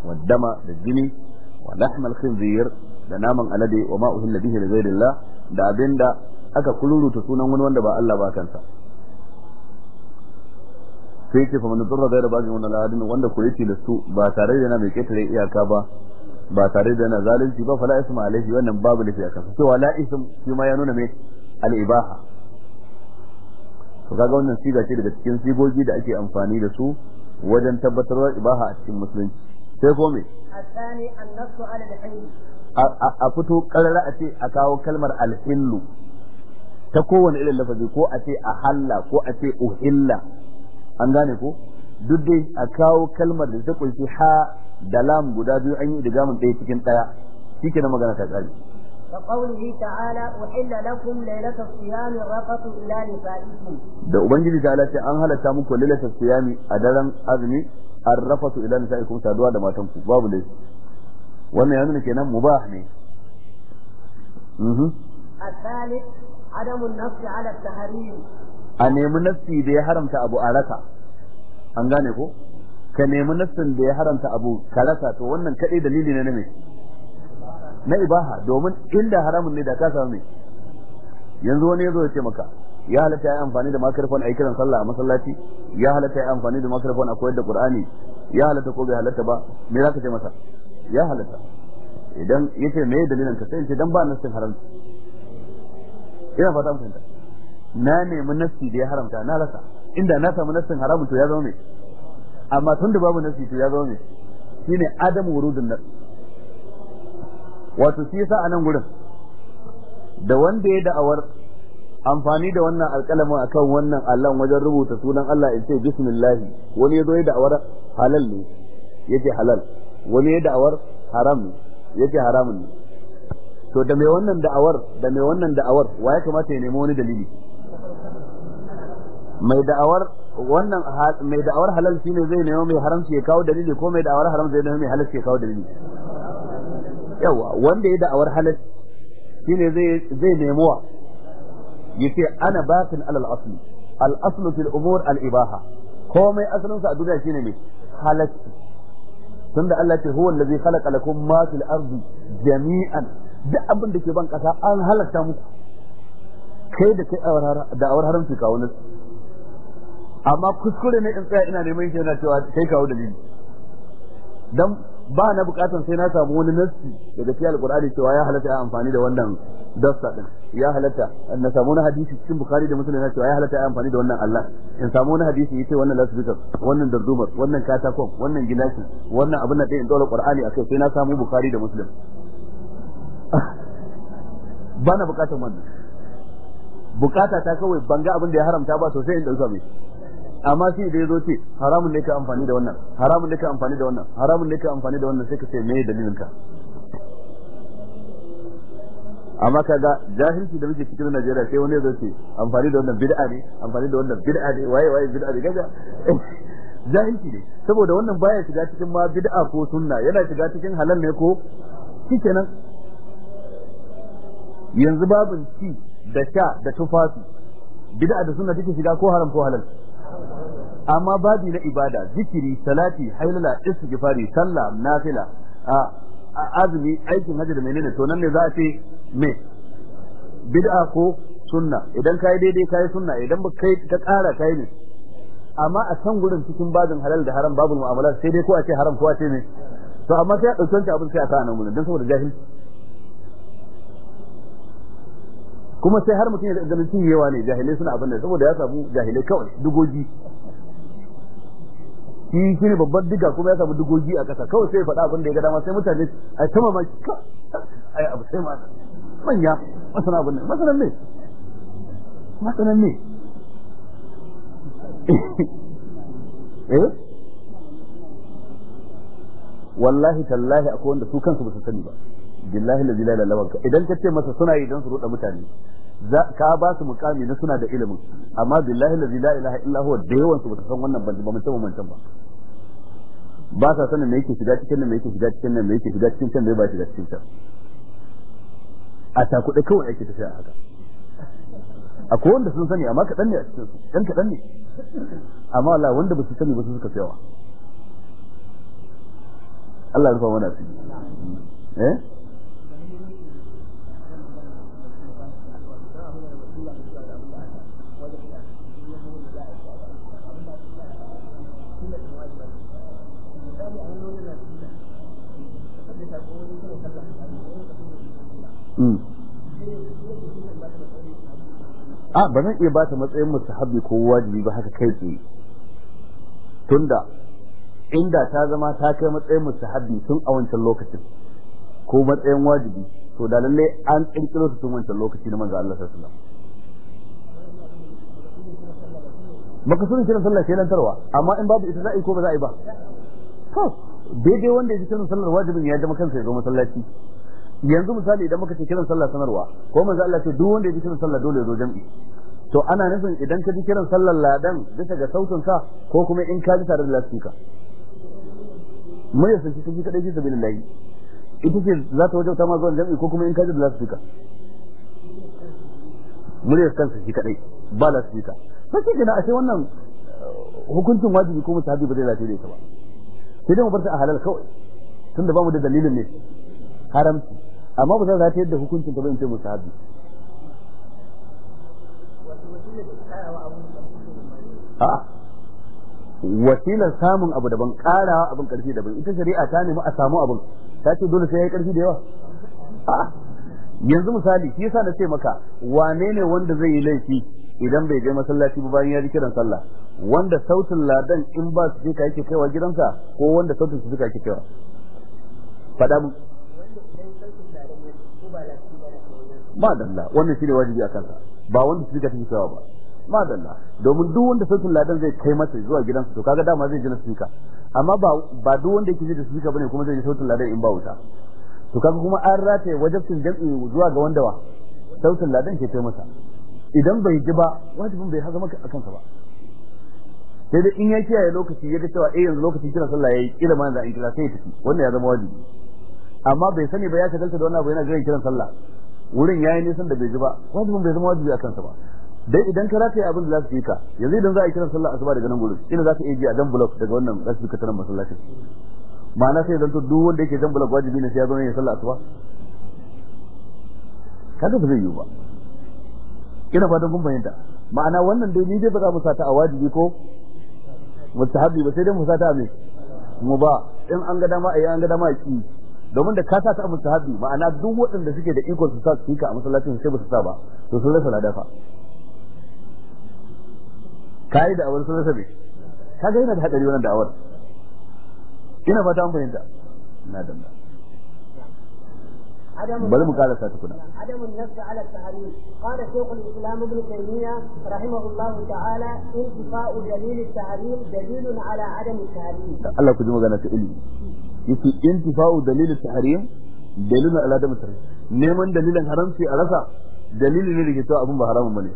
wa dama da jini wa lahmal khinzir da naman alade wa ma uhilla bihi li ghayrillah da abinda aka kururuta sunan wani wanda ba Allah ba kansa sai ce fa man durra ghayra baghin wala aladin wanda ku yi da su ba tare da yana mai ketare iyaka ba ba tare da yana zalunci ba fala isma alaihi wannan babu lafiya kansa to wala ism shi ma ya nuna mai al ibaha to kaga wannan siga ce daga cikin sigogi da ake amfani da su wajen tabbatar tabbatarwar ibaha a cikin musulunci sai ko me a fito karara a ce a kawo kalmar alhillu ta kowane irin lafazi ko a ce a halla ko a ce uhilla an gane ko duk dai a kawo kalmar da ta kunshi ha da lam guda biyu an yi digamin ɗaya cikin ɗaya shike magana ta tsari كقوله تعالى أحل لكم ليلة الصيام الرفث إلى نسائكم da ubangiji ta alace an halatta muku lailatul siyami a daren azumi arrafatu ila nisaikum saduwa da matanku babu dai wannan ya kenan ne الثالث عدم النص على التحريم a nemi nassi da ya haramta abu a an gane ko ka nemi nassin da ya haramta abu ka to wannan kadai dalili ne na me na ibaha domin inda haramun ne da ka samu yanzu wani ya zo ya ce maka ya halatta ya amfani da makarfon a yi kiran sallah a masallaci ya halatta ya amfani da makarfon a koyar da qur'ani ya halatta ko bai halatta ba me za ka ce masa ya halatta idan ya ce me dalilin ka sai ce dan ba nassin haramta ina fata mutunta na nemi nassi da ya haramta na rasa inda na samu nassin haramun to ya zama me amma tun da babu nassi to ya zama me shine adamu wurudun nassi wato shi yasa a nan gurin da wanda ya da'awar amfani da wannan alƙalamin akan wannan Allah wajen rubuta sunan Allah in ce bismillah wani ya zo ya da'awar halal ne yace halal wani ya da'awar haram ne yace haramun ne to da mai wannan da'awar da mai wannan da'awar wa ya kamata ya nemo wani dalili mai da'awar wannan mai da'awar halal shine zai nemo mai haram ya kawo dalili ko mai da'awar haram zai nemo mai halal ya kawo dalili yawa wanda ya da'awar halacci shine zai zai nemo yace ana batin alal asli al aslu fil umur al ibaha komai asalin sa a duniya shine mai halacci tunda Allah ce huwa allazi khalaqa lakum ma fil ardi jami'an duk abin da ke ban kasa an halatta muku kai da kai da awar haramci kawo nasu amma kuskure ne in tsaya ina neman shi yana cewa kai kawo dalili dan ba na bukatan sai na samu wani nassi daga fiye alƙur'ani cewa ya halatta a amfani da wannan dasta din ya halatta na samu wani hadisi cikin bukari da muslim na cewa ya halatta a amfani da wannan Allah in samu wani hadisi ce wannan lasbikar wannan dardumar wannan katakon wannan gilashin wannan abin ɗaya in dole qur'ani akai sai na samu bukari da muslim ba na bukatan wannan bukata ta kawai banga abin da ya haramta ba sosai in ɗauka mai amma shi da yazo ce haramun ne ka amfani da wannan haramun ne ka amfani da wannan haramun ne ka amfani da wannan sai ka ce me dalilin ka amma kaga jahilci da muke cikin Najeriya sai wani yazo ce amfani da wannan bid'a ne amfani da wannan bid'a ne waye waye bid'a ne kaga jahilci ne saboda wannan baya shiga cikin ma bid'a ko sunna yana shiga cikin halal ne ko shikenan yanzu babin ci da sha da tufafi bid'a da sunna take shiga ko haram ko halal amma babi na ibada zikiri salati hailala istighfari sallah nafila azumi aikin hajji da menene to nan ne za a ce me bid'a ko sunna idan kai daidai kai sunna idan ba kai ka ƙara kai ne amma a san gurin cikin babin halal da haram babu mu'amala sai dai ko a ce haram ko a ce ne to amma sai a ɗauki abin sai a sa nan gurin don saboda jahilci kuma sai har mutum ya ganin cin yawa ne jahilai suna abin da saboda ya samu jahilai kawai dugogi shi shi babban diga kuma ya samu dugogi a ƙasa kawai sai faɗa abin da ya ga dama sai mutane a kama mamaki ka ai abu sai ma manya masana abin ne ne masana ne eh wallahi tallahi akwai wanda su kansu sani ba billahi idan ka ce masa suna yi don su ruɗa mutane ka ba su mukami na suna da ilimin amma billahi la ilaha illa huwa da yawan su ba san wannan ban ba mutum mun ba ba sa sanin me yake shiga cikin nan me yake shiga cikin nan me yake shiga cikin nan me ba shiga cikin ta a ta takuɗe kawai yake tafiya a haka a wanda sun sani amma kaɗan ne a cikin su ɗan kaɗan ne amma Allah wanda ba su sani ba su suka fiyawa Allah ya rufa mana su eh Mm. a ah, ba zan iya ba ta matsayin mustahabi ko wajibi ba haka kai tsaye tunda inda ta zama ta kai matsayin mustahabi tun a wancan lokacin ko matsayin wajibi to da lalle an kirkiro su tun wancan lokaci na manzo Allah sallallahu alaihi wasallam baka kiran sallah sai amma in babu ita za a yi ko ba za a yi ba to daidai wanda ya ji kiran sallar wajibin ya zama kansa ya zo masallaci yanzu misali idan muka ce kiran sallah sanarwa ko manzo Allah ce duk wanda ya ji kiran sallah dole ya zo jam'i to ana nufin idan ka ji kiran sallar ladan bisa ga sautin sa ko kuma in ka ji tare da lasfika mai yasa shi kaji kadai ji sabilillahi ita ce za ta wajauta ma zuwa jam'i ko kuma in ka ji da lasfika mun yasa kansa shi kadai ba lasfika sai kina ashe wannan uh, hukuncin wajibi ko mutabi ba zai lafiya da ita ba sai dai mu bar ta a halal kawai tunda ba mu da dalilin ne haramci amma ba zan rata yadda hukuncin ta ba in ce musahabi a'a wasilar samun abu daban karawa abin karfi daban ita shari'a ta nemi a samu abin ta ce dole sai ya yi karfi da yawa yanzu misali shi yasa na ce maka wane ne wanda zai yi laifi idan bai je masallaci ba bayan ya ji kiran sallah wanda sautin ladan in ba su je ka yake kaiwa gidansa ko wanda sautin su suka yake kaiwa madalla wannan shine wajibi a kansa ba wanda suka tafi cewa ba Ma madalla domin duk wanda sautin ladan zai kai masa zuwa gidansa to kaga dama zai ji na sika amma ba ba duk wanda yake ji da sika bane kuma zai ji sautin ladan in ba wuta to kaga kuma an rataye wajibin jam'i zuwa ga wanda wa sautin ladan ke kai masa idan bai ji ba wajibin bai haza maka kansa ba sai dai in ya kiyaye lokaci ya ga cewa eh yanzu lokacin kira sallah yayi kila ma yanzu an kira sai ya tafi wannan ya zama wajibi amma bai sani ba ya shagalta da wannan abu yana gare kiran sallah wurin ya yayi nisan da bai ji ba wajibin bai zama wajibi a kansa ba dai idan ka rataye abin da za su yi ka yanzu idan za a yi kiran sallah asuba daga nan gurin ina za ka iya jiya a dan block daga wannan za su ka taran masallacin ma'ana sai zanto duk wanda yake dan block wajibi ne sai ya zo ya sallah asuba kaga ba zai yi ba ina fatan kun fahimta ma'ana wannan dai ni dai ba za mu sata a wajibi ko mustahabi ba sai dai mu sata a me mu ba in an ga dama a yi an ga dama a ki domin da ka sa ta ma'ana duk waɗanda suke da ikon su sa su a masallacin sai ba su sa ba to sun rasa ladafa kai da awar sun rasa bai. Ka kaga yana da hadari wannan da'awar ina fata an fahimta ina da بل مقالة ساتكنا عدم النص على التحريم قال شيخ الإسلام ابن تيمية رحمه الله تعالى انتفاء دليل التحريم دليل على عدم التحريم الله yace intifa'u dalilin tahrim dalilin ala da mutar neman dalilin haramci a rasa dalilin ne da ke cewa abin ba haramun bane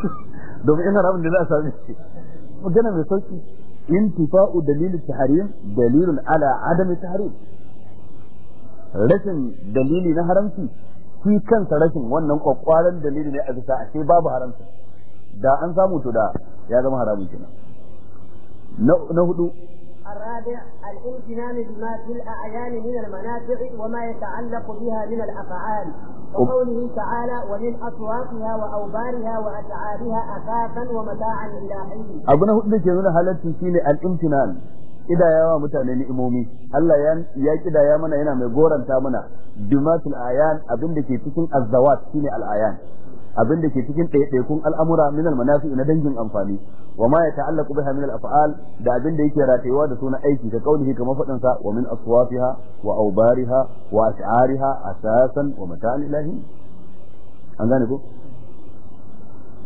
domin in haramun da za a same shi magana mai sauki intifa'u dalilin tahrim dalilin ala adam tahrim rashin dalili na haramci shi kansa rashin wannan kwakwaran dalili ne a bisa a sai babu haramci da an samu to da ya zama haramun kenan na hudu الرابع الامتنان بما في الاعيان من المنافع وما يتعلق بها من الافعال وقوله تعالى ومن اصواتها واوبارها واشعارها اثاثا ومتاعا الى حين. ابو نهود da ke nuna halarci shine al-imtinan mutane ni'imomi Allah ya kidaya mana yana mai goranta mana bimatul ayan abin da ke cikin azzawat shine al-ayan abin da ke cikin ɗaiɗaikun al'amura min al-manasi na dangin amfani wa ma yata'allaqu biha min al-af'al da abin da yake ratewa da suna aiki ka kaulihi kamar fadin sa wa min aswafiha wa awbariha wa ash'ariha asasan wa mata'an ilahi an gane ko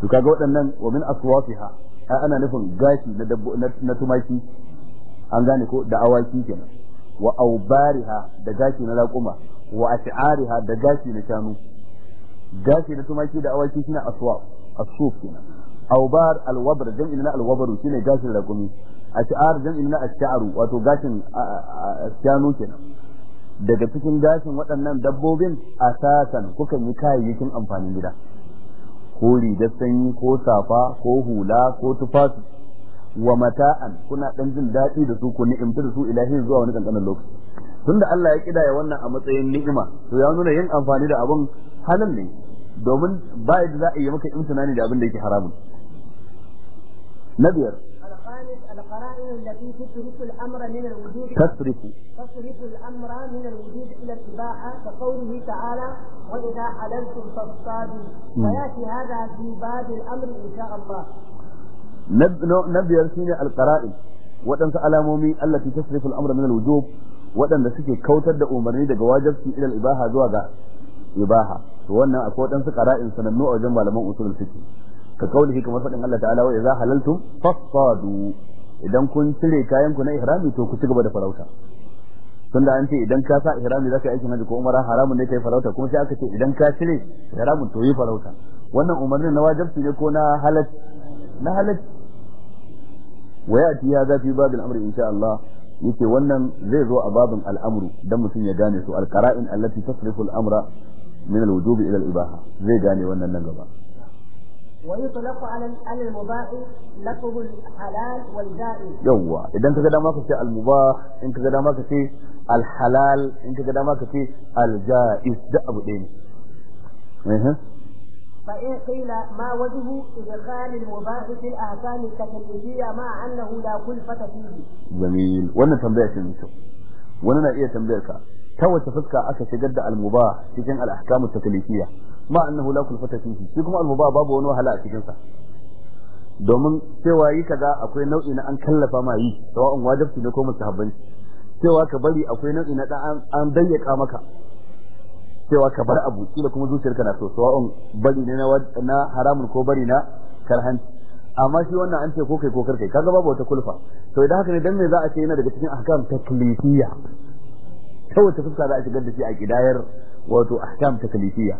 to kaga waɗannan wa min aswafiha ai ana nufin gashi na dabbo na tumaki an gane ko da awaki kenan wa aubariha da gashi na raƙuma wa ash'ariha da gashi na shanu gashi da tumaki da awaki shine aswa asuf kenan awbar alwabr jam'in na alwabru shine gumi rakumi ash'ar jam'in na ash'aru wato gashin shanu kenan daga cikin gashin waɗannan dabbobin asasan kukan yi kayayyakin amfanin gida ko rigar sanyi ko safa ko hula ko tufafi wa mata'an kuna dan jin daɗi da su ko ni'imta da su ilahi zuwa wani kankanin lokaci tunda Allah ya kidaya wannan a matsayin ni'ima to ya nuna yin amfani da abun halal ne domin ba yadda za a yi maka ne da abin da yake haramun na biyar القرائن التي تصرف تصرف الامر من الوجود الى الاباحه كقوله تعالى واذا حللتم فاصطادوا وياتي هذا في باب الامر ان شاء الله نبي shine alqara'in waɗansu alamomi allati tasrifu al-amra min al waɗanda suke kautar da umarni daga wajibci ila ibaha zuwa ga ibaha to wannan akwai dan su sanannu a wajen malaman usulul fiqh ka kaulihi kamar fadin Allah ta'ala wa idza halaltum fasadu idan kun cire kayan ku na ihrami to ku ci gaba da farauta tunda an ce idan ka sa ihrami zaka yi aikin haji ko umara haramun ne kai farauta kuma sai aka ce idan ka cire haramun to yi farauta wannan umarnin na wajibi ne ko na halal na halal وياتي هذا في باب الامر ان insha allah yake wannan zai zo a babin al'amru dan mutum ya gane su alqara'in allati tasrifu amra. من الوجوب الى الاباحه زي جاني wannan nan ويطلق على المباح لفظ الحلال والجائز يوا اذا أنت كده ما al المباح أنت كده ما kace الحلال أنت كده ما dama الجائز ده أبو دين إيه فإن قيل ما وجه إدخال المباح في الأحكام التكليفية مع أنه لا كلفة فيه جميل وانا تنبيه شنو وانا ايه تنبيه ta wace fuska aka shigar da al-mubah cikin al-ahkam at-taklifiyya ma annahu la kulfata fihi shi kuma al-mubah babu wani wahala a cikin sa domin cewa yi kaza akwai nau'i na an kallafa ma yi sawa'un wajibi ne ko mustahabbi cewa ka bari akwai nau'i na dan an dayyaka maka cewa ka bar abu kila kuma zuciyarka na so sawa'un bari ne na haramun ko bari na karhanci amma shi wannan an ce ko kai ko karkai kaga babu wata kulfa to idan haka ne dan me za a ce yana daga cikin ahkam taklifiyya ta wace fuska za a shigar da shi a kidayar wato ahkam taklifiyya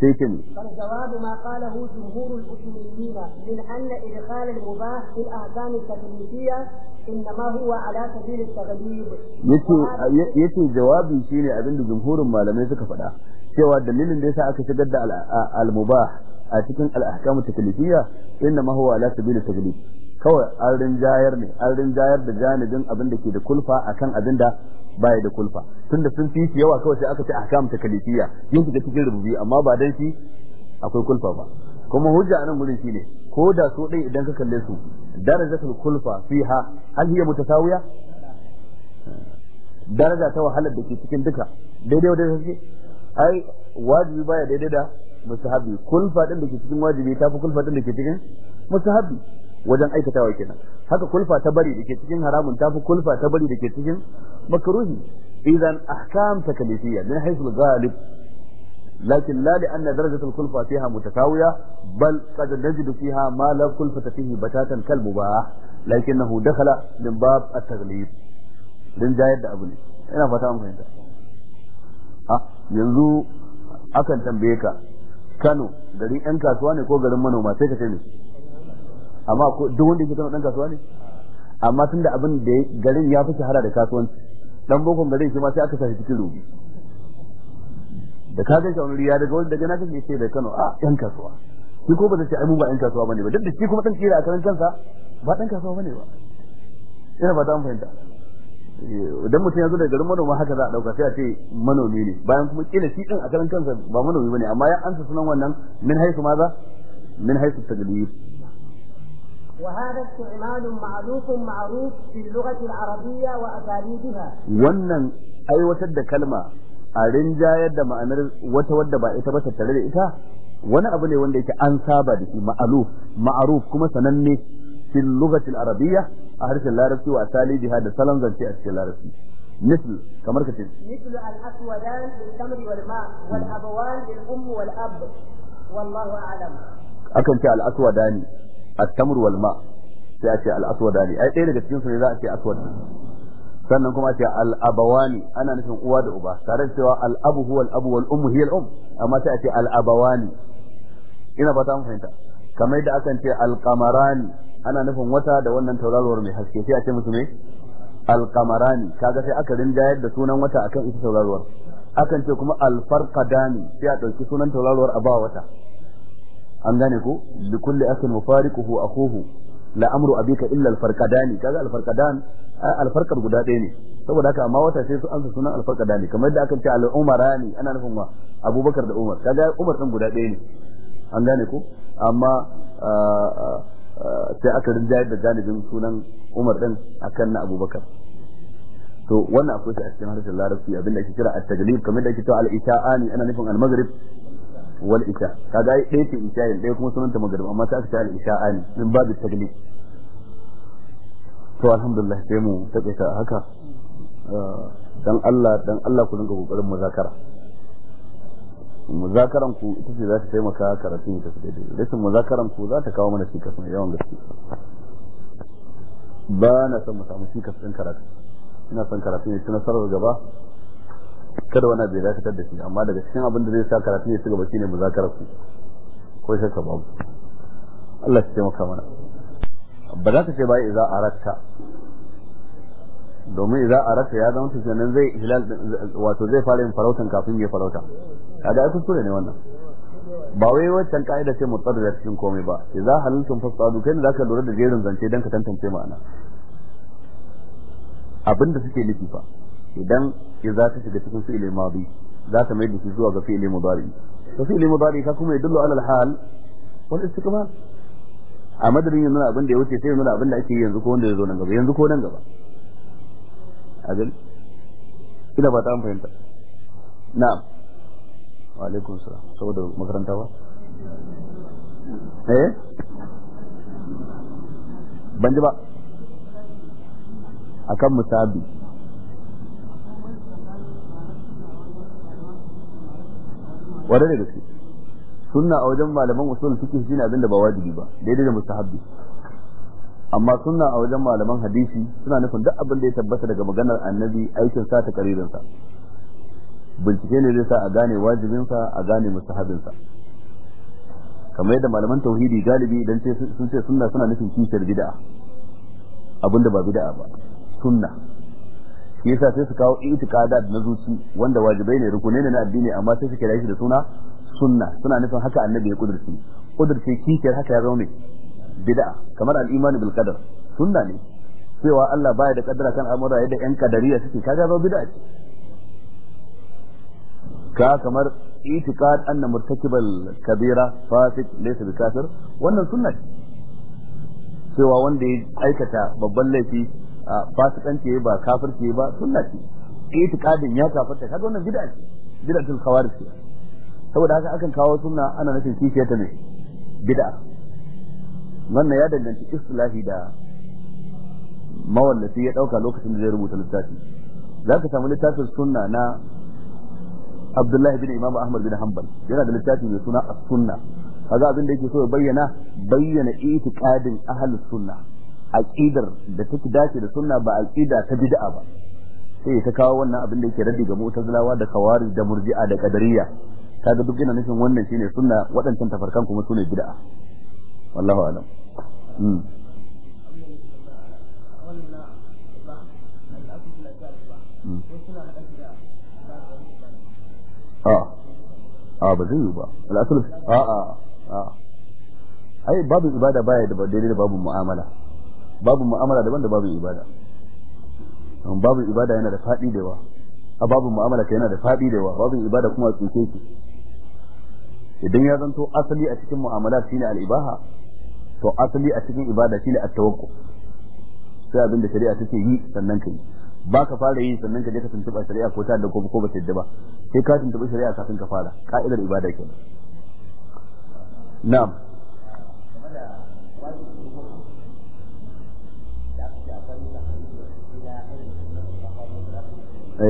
sai ce ne فالجواب ما قاله جمهور الأصوليين من أن إدخال المباح في الأحكام التكليفية إنما ala على سبيل التغليب يتي جوابي شيني أبن جمهور jumhurin malamai suka فدا cewa dalilin da yasa aka shigar da al-mubah a cikin al-ahkam at-taklifiyya inma huwa ala sabil at-taglib kawai an rinjayar ne an rinjayar da janibin abin da ke da kulfa akan abin da baya da kulfa tunda sun fi shi yawa kawai sai aka ce ahkam kalifiya yin da cikin rububi amma ba dan shi akwai kulfa ba kuma hujja anan gurin shine ko da su dai idan ka kalle su darajatul kulfa fiha hal hiya mutasawiya daraja ta wahalar da ke cikin duka daidai wadda ce ai wajibi baya daidai da musahabi kulfa din da ke cikin wajibi ta fi kulfa din da ke cikin musahabi wajen aikatawa kenan haka kulfa ta bari da ke cikin haramun ta fi kulfa ta bari da ke cikin مكروه إذا أحكام تكليفية من حيث الغالب لكن لا لأن درجة الكلفة فيها متساوية بل قد نجد فيها ما لا كلفة فيه بتاتا كالمباح لكنه دخل من باب التغليب rinjayar da abu ina fata an fahimta a yanzu akan tambaye ka kano garin ɗan kasuwa ne ko garin manoma sai ka ne amma duk wanda yake kano ɗan kasuwa ne amma tun da abin da garin ya fi shahara da kasuwanci dan bokon gare shi ma sai aka sa shi cikin rubi da ka ga shawari ya daga wani daga na kake ce da Kano a ah, yan kasuwa shi ko ba zai ce ai mun ba yan kasuwa bane ba duk da shi kuma dan kira a karan kansa ba dan kasuwa bane ba ina ba ta fahimta eh, idan mutum ya zo daga garin manoma haka za a dauka sai a ce manomi ne bayan kuma kila shi din a karan kansa ba manomi bane amma ya ansa sunan wannan min haisu maza min haisu taglib وهذا استعمال معلوف معروف في اللغة العربية وأساليبها wannan aiwatar da kalma a rinjayar da ma'anar wata wadda ba ita ba tattare da ita wani abu ne wanda yake an saba da shi ma'aluf kuma sananne fil lughati al-arabiyya a harshen larabci da salon zance a cikin larabci مثل كما كتب مثل الأسودان للتمر والماء والأبوان للأم والأب والله أعلم أكن في at-tamr wal ma sai a ce al-aswada ne ai ɗaya daga cikin su ne za a ce aswad sannan kuma a ce al-abawani ana nufin uwa da uba tare da cewa al-abu huwa al-abu wal ummu hiya al-um amma sai a ce al-abawani ina ba mun fahimta kamar da akan ce al-qamarani ana nufin wata da wannan tauraruwar mai haske sai a ce musu me al-qamarani kaga sai aka rinjayar da sunan wata akan ita tauraruwar akan ce kuma al-farqadani sai a ɗauki sunan tauraruwar a ba wata an gane ko li kulli akin mufariquhu akhuhu la amru abika illa al farqadani kaga al farqadan al farqar guda ɗaya ne saboda haka amma wata sai su ansa sunan al farqadani kamar da aka ce al umarani ana nufin wa abubakar da umar kaga umar din guda ɗaya ne an gane ko amma sai aka rinjayar da janibin sunan umar din akan na abubakar to wannan akwai shi a cikin harshen larabci abinda ake kira at-taglib kamar da ake cewa al-isha'ani ana nufin al-maghrib wal isha kaga ai dai ce isha ɗaya dai kuma sunanta magariba amma ta aka al isha'a min babu taglib to alhamdulillah sai mu takaita haka eh, dan Allah dan Allah ku dinga kokarin muzakara muzakaran ku ita ce za ta taimaka karatun ta daidai rashin muzakaran ku za ta kawo mana cikas mai yawan gaske ba na san mu samu cikas karatu ina son karatu ne nasarar gaba kada wani bai dakatar da shi amma daga cikin abin da zai sa karatu ya ci gaba shine muzakarar su ko ka babu Allah ya taimaka mana ba za ka ce ba idan aratta domin idan aratta ya zama nan zai hilal wato zai fara yin farautan kafin ya farauta kaga ai kuskure ne wannan ba wai wancan ka'ida ce mutsar da cikin komai ba idza halaltum fasadu kai ne zaka lura da jerin zance dan ka tantance ma'ana abinda suke nufi fa idan idza ta shiga cikin fi'il madi za ta mai da shi zuwa ga fi'il mudari to fi'il mudari ka kuma yadullu ala hal wal istiqbal a madadin yanzu abin da ya wuce sai nuna abin da ake yanzu ko wanda ya zo nan gaba yanzu ko nan gaba a gani ba ta an fahimta na'am wa alaikum salam saboda makaranta ba eh banji ba akan musabi kwarai da gaske sunna a wajen malaman usul fiqh shine abin da ba wajibi ba daidai da mustahabbi amma sunna a wajen malaman hadisi suna nufin duk abin da ya tabbata daga maganar annabi aikin sa ta karirin sa bincike ne zai sa a gane wajibin sa a gane mustahabbin sa kamar yadda malaman tauhidi galibi idan sun ce sunna suna nufin kishar bid'a abinda ba bid'a ba sunna shi yasa sai su kawo itiqadat na zuci wanda wajibai ne rukunai ne na addini amma sai su kira shi da suna sunna suna nufin haka annabi ya kudurce kudurce kikiyar haka ya zama mai bid'a kamar al-iman bil qadar sunna ne cewa Allah baya da kaddara kan al'amura yadda yan kadariya suke kaga ba bid'a ce ka kamar itiqad anna murtakibal kabira fasik laysa bi kafir wannan sunna ce cewa wanda ya aikata babban laifi fasikanci ba kafirci ba sunna ce itiqadin ya kafirta kaga wannan bid'a ce bid'atul khawarij ce saboda haka akan kawo suna ana nufin kishiyar ta ne bid'a wannan ya danganci istilahi da mawallafi ya dauka lokacin da zai rubuta littafi zaka samu littafin sunna na Abdullahi bin Imam Ahmad bin Hanbal yana da littafi mai suna a sunna kaga abin da yake so ya bayyana bayyana itikadin ahlus sunna aqidar da take dace da sunna ba aqida ta bid'a ba sai ta kawo wannan abin da yake raddi ga mu'tazilawa da khawarij da murji'a da qadariyya kaga duk ina nufin wannan shine sunna waɗancan tafarkan kuma sune bid'a wallahu alam hmm. hmm. a ah. ah, ba zai yi ba al'asul a ah, a a ai babu ibada baya da daidai da babu mu'amala babu mu'amala daban da babu ibada don babu ibada yana da fadi da yawa babu mu'amala ka yana da fadi da yawa babu ibada kuma tsinke ki idan ya zanto asali a cikin mu'amala shine al-ibaha to asali a cikin ibada shine at-tawakkul sai abin da shari'a take yi sannan kai ba ka fara yi sannan ka je ka tuntuba shari'a ko ta da ko ko ba ta yadda ba sai ka tuntuba shari'a kafin ka fara ka'idar ibada kenan na'am Eh.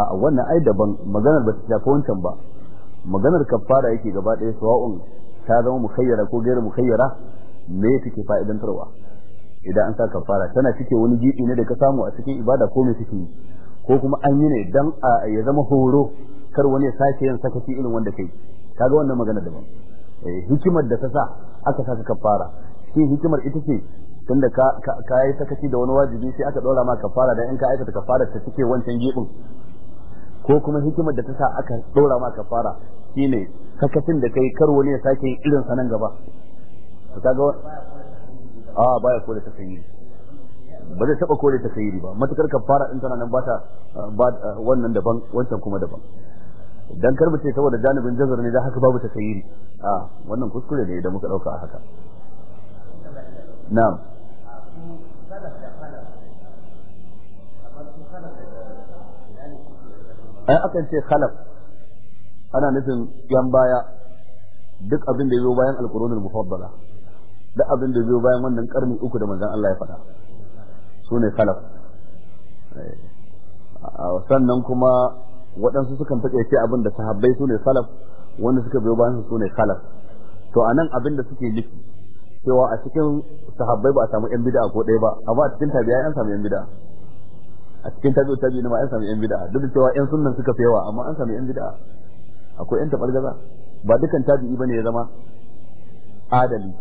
a wannan ai daban maganar ba ta shafi wancan ba maganar kafara yake gaba ɗaya sawa'un ta zama mukayyara ko gairu mukayyara me take fa'idantarwa idan an sa kafara tana cike wani jiɗi ne da ka samu a cikin ibada ko me take ko kuma an yi ne dan ya zama horo kar wani ya sake yin sakaci irin wanda kai kaga wannan magana daban eh, hikimar da ta sa aka saka kafara shi hikimar ita ce tunda ka ka yi sakaci da wani wajibi sai aka dora ma kafara dan in ka aikata kafara ta cike wancan gibin ko kuma hikimar da ta sa aka dora ma kafara shine sakacin da kai kar wani ya sake yin irin sanan gaba kaga a baya da ta sayi ba zai taba kore ta sayi ba matukar kafara din tana nan ba ta wannan daban wancan kuma daban dan kar ce saboda janibin jazar ne da haka babu tasayiri a wannan kuskure ne idan muka dauka haka na'am ai akan ce khalaf ana nufin yan baya duk abin da yazo bayan alqur'anul mufaddala duk abin da yazo bayan wannan karni uku da manzon Allah ya fada sune khalaf eh, sannan kuma waɗansu sukan taƙaice abin da sahabbai su ne salaf wanda suka biyo bayan su ne salaf to anan abin da suke nufi cewa a cikin sahabbai ba a samu yan bid'a ko ɗaya ba amma a cikin tabi'a an samu yan bid'a a cikin tabi'u tabi'u ma an samu yan bid'a duk da cewa yan sunnan suka fi yawa amma an samu yan bid'a akwai yan tabargaza ba dukan tabi'i bane ya zama adali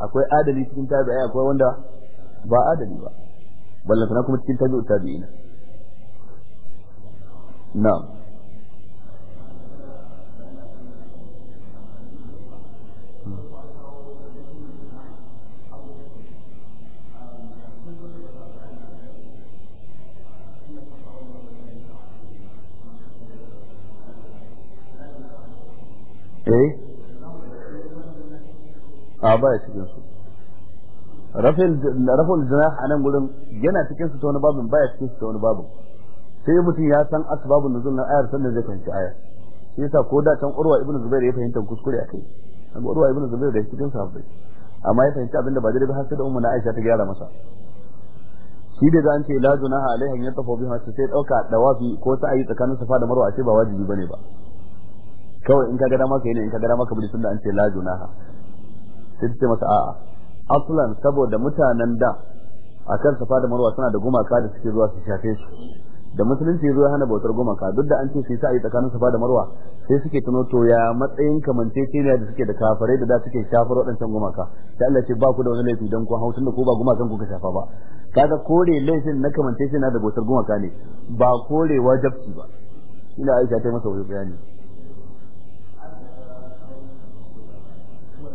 akwai adali cikin tabi'a akwai wanda ba adali ba ballan kuma cikin tabi'u tabi'ina na'am eh a baya cikin su rafin rafin jinah a nan gurin yana cikin su ta wani babin baya cikin su ta wani babin sai mutum ya san asibabin na na ayar sannan zai fahimci ayar shi yasa ko da can urwa Ibn zubair ya fahimta kuskure a kai. an urwa Ibn zubair da cikin sahabbai amma ya fahimci abinda ba daidai ba har sai da ummu na aisha ta gyara masa shi da zan ce la junaha alaiha ya tafa biha sai dauka dawafi ko ta ayi tsakanin safa da marwa ce ba wajibi bane ba kawai in ka gada maka yi ne in ka gada maka bilisun da an ce la junaha sai ta ce masa a'a aslan saboda mutanen da a kan safa da marwa suna da gumaka da suke zuwa su shafe su da musulunci ya zo hana bautar gumaka duk da an ce su yi sa'ayi tsakanin safa da marwa sai suke tuno to ya matsayin kamance kamanceceniya da suke da kafarai da da suke shafar waɗancan gumaka sai Allah ce ba ku da wani laifi don kun hautun da ko ba gumakan kuka shafa ba kaga kore laifin na kamance kamanceceniya da bautar gumaka ne ba kore wajabci ba ina Aisha ta masa wani bayani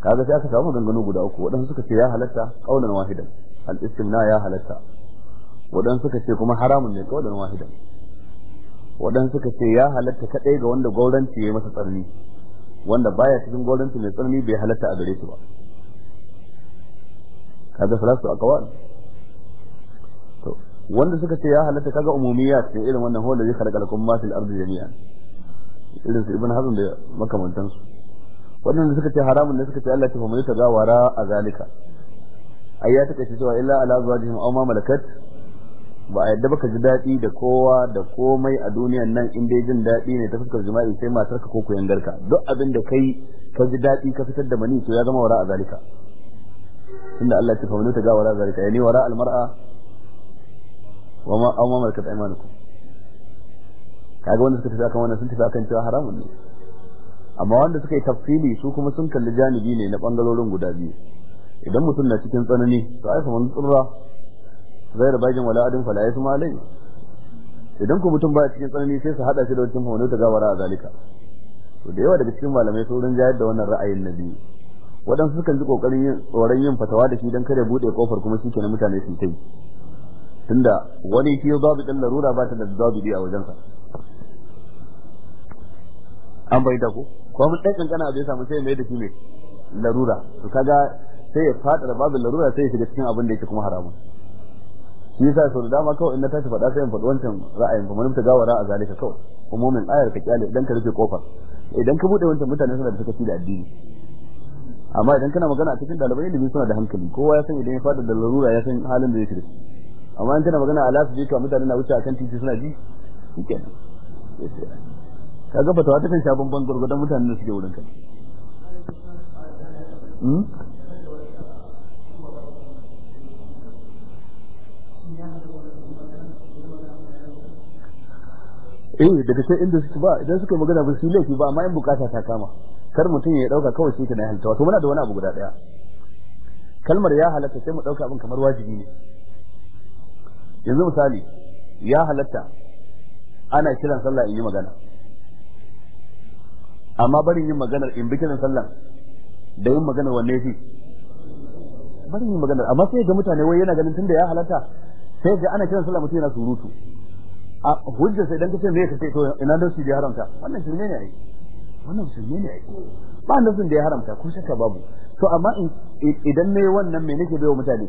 kaga sai aka samu gangano guda uku waɗansu suka ce ya halatta qaulan wahidan al-istimna ya halatta waɗansu suka ce kuma haramun ne qaulan wahidan waɗansu suka ce ya halatta kadai ga wanda gauranci ya masa tsarni wanda baya cikin gauranci mai tsarni bai halatta a gare shi ba kaga salatu aqwal to wanda suka ce ya halatta kaga umumiyat ne irin wannan huwa zai khalaqalakum ma fil ardi jami'an irin su ibn hazm da makamantansu waɗanda suka ce haramun ne suka ce Allah ce fa mai taga wara a zalika ai ya take cewa illa ala zawajihim aw ma malakat ba a yadda baka ji dadi da kowa da komai a duniyan nan in dai jin dadi ne ta fuskar jima'i sai matarka ko ku yangarka duk abin da kai ka ji dadi ka fitar da mani to ya zama wara a zalika inda Allah ce fa mai taga wara a zalika yani wara al mar'a wa ma aw ma malakat aymanukum kaga wanda suka tafi akan wannan sun tafi akan cewa haramun ne amma wanda suka yi tafsili su kuma sun kalli janibi ne na bangalorin guda biyu idan mutum na cikin tsanani to ai wani man tsirra zai da bajin wala adin fala ya suma alai idan ku mutum ba cikin tsanani sai su hada shi da wancan hono ta gawara a zalika to da yawa daga cikin malamai su sun jayar da wannan ra'ayin na biyu waɗansu sukan ji kokarin yin tsoron yin fatawa da shi dan kada bude kofar kuma shi na mutane su yi tunda wani shi zabi din larura ba ta da zabi a wajensa an bai da ku ko mun dai kankana abin samu sai mai da shi ne larura to kaga sai ya fada da babin larura sai ya shiga cikin abin da yake kuma haramun shi yasa sau da dama kawai in na tashi faɗa sai in faɗi wancan ra'ayin fa mun ta gawara a zalika kawai umumin ayar ka kyale idan ka rufe kofar idan ka bude wancan mutane suna da ci da addini amma idan kana magana a cikin dalibai ilimi suna da hankali kowa ya san idan ya fada da larura ya san halin da yake da amma in kana magana a lasu jika mutane na wuce akan titi suna ji shikenan kaga fatawa ta kan shafin ban gurgudan mutanen da suke wurin kai hmm? eh daga sai inda suke ba idan suka magana ba su laifi ba amma in bukata ta kama kar mutum ya dauka kawai shi na halitta wato muna da wani abu guda daya kalmar ya halatta sai mu dauka abin kamar wajibi ne yanzu misali ya halatta ana kiran sallah in yi magana amma barin yin maganar in bikin sallah da yin maganar wanne fi barin yin maganar amma sai ga mutane wai yana ganin tunda ya halatta sai ga ana kiran sallah mutum yana surutu a hujjar sai dan kace me kace to ina da shi da haramta wannan shirme ne ai wannan shirme ne ai ba nan da ya haramta ko shakka babu to amma idan ne wannan me nake bayo mutane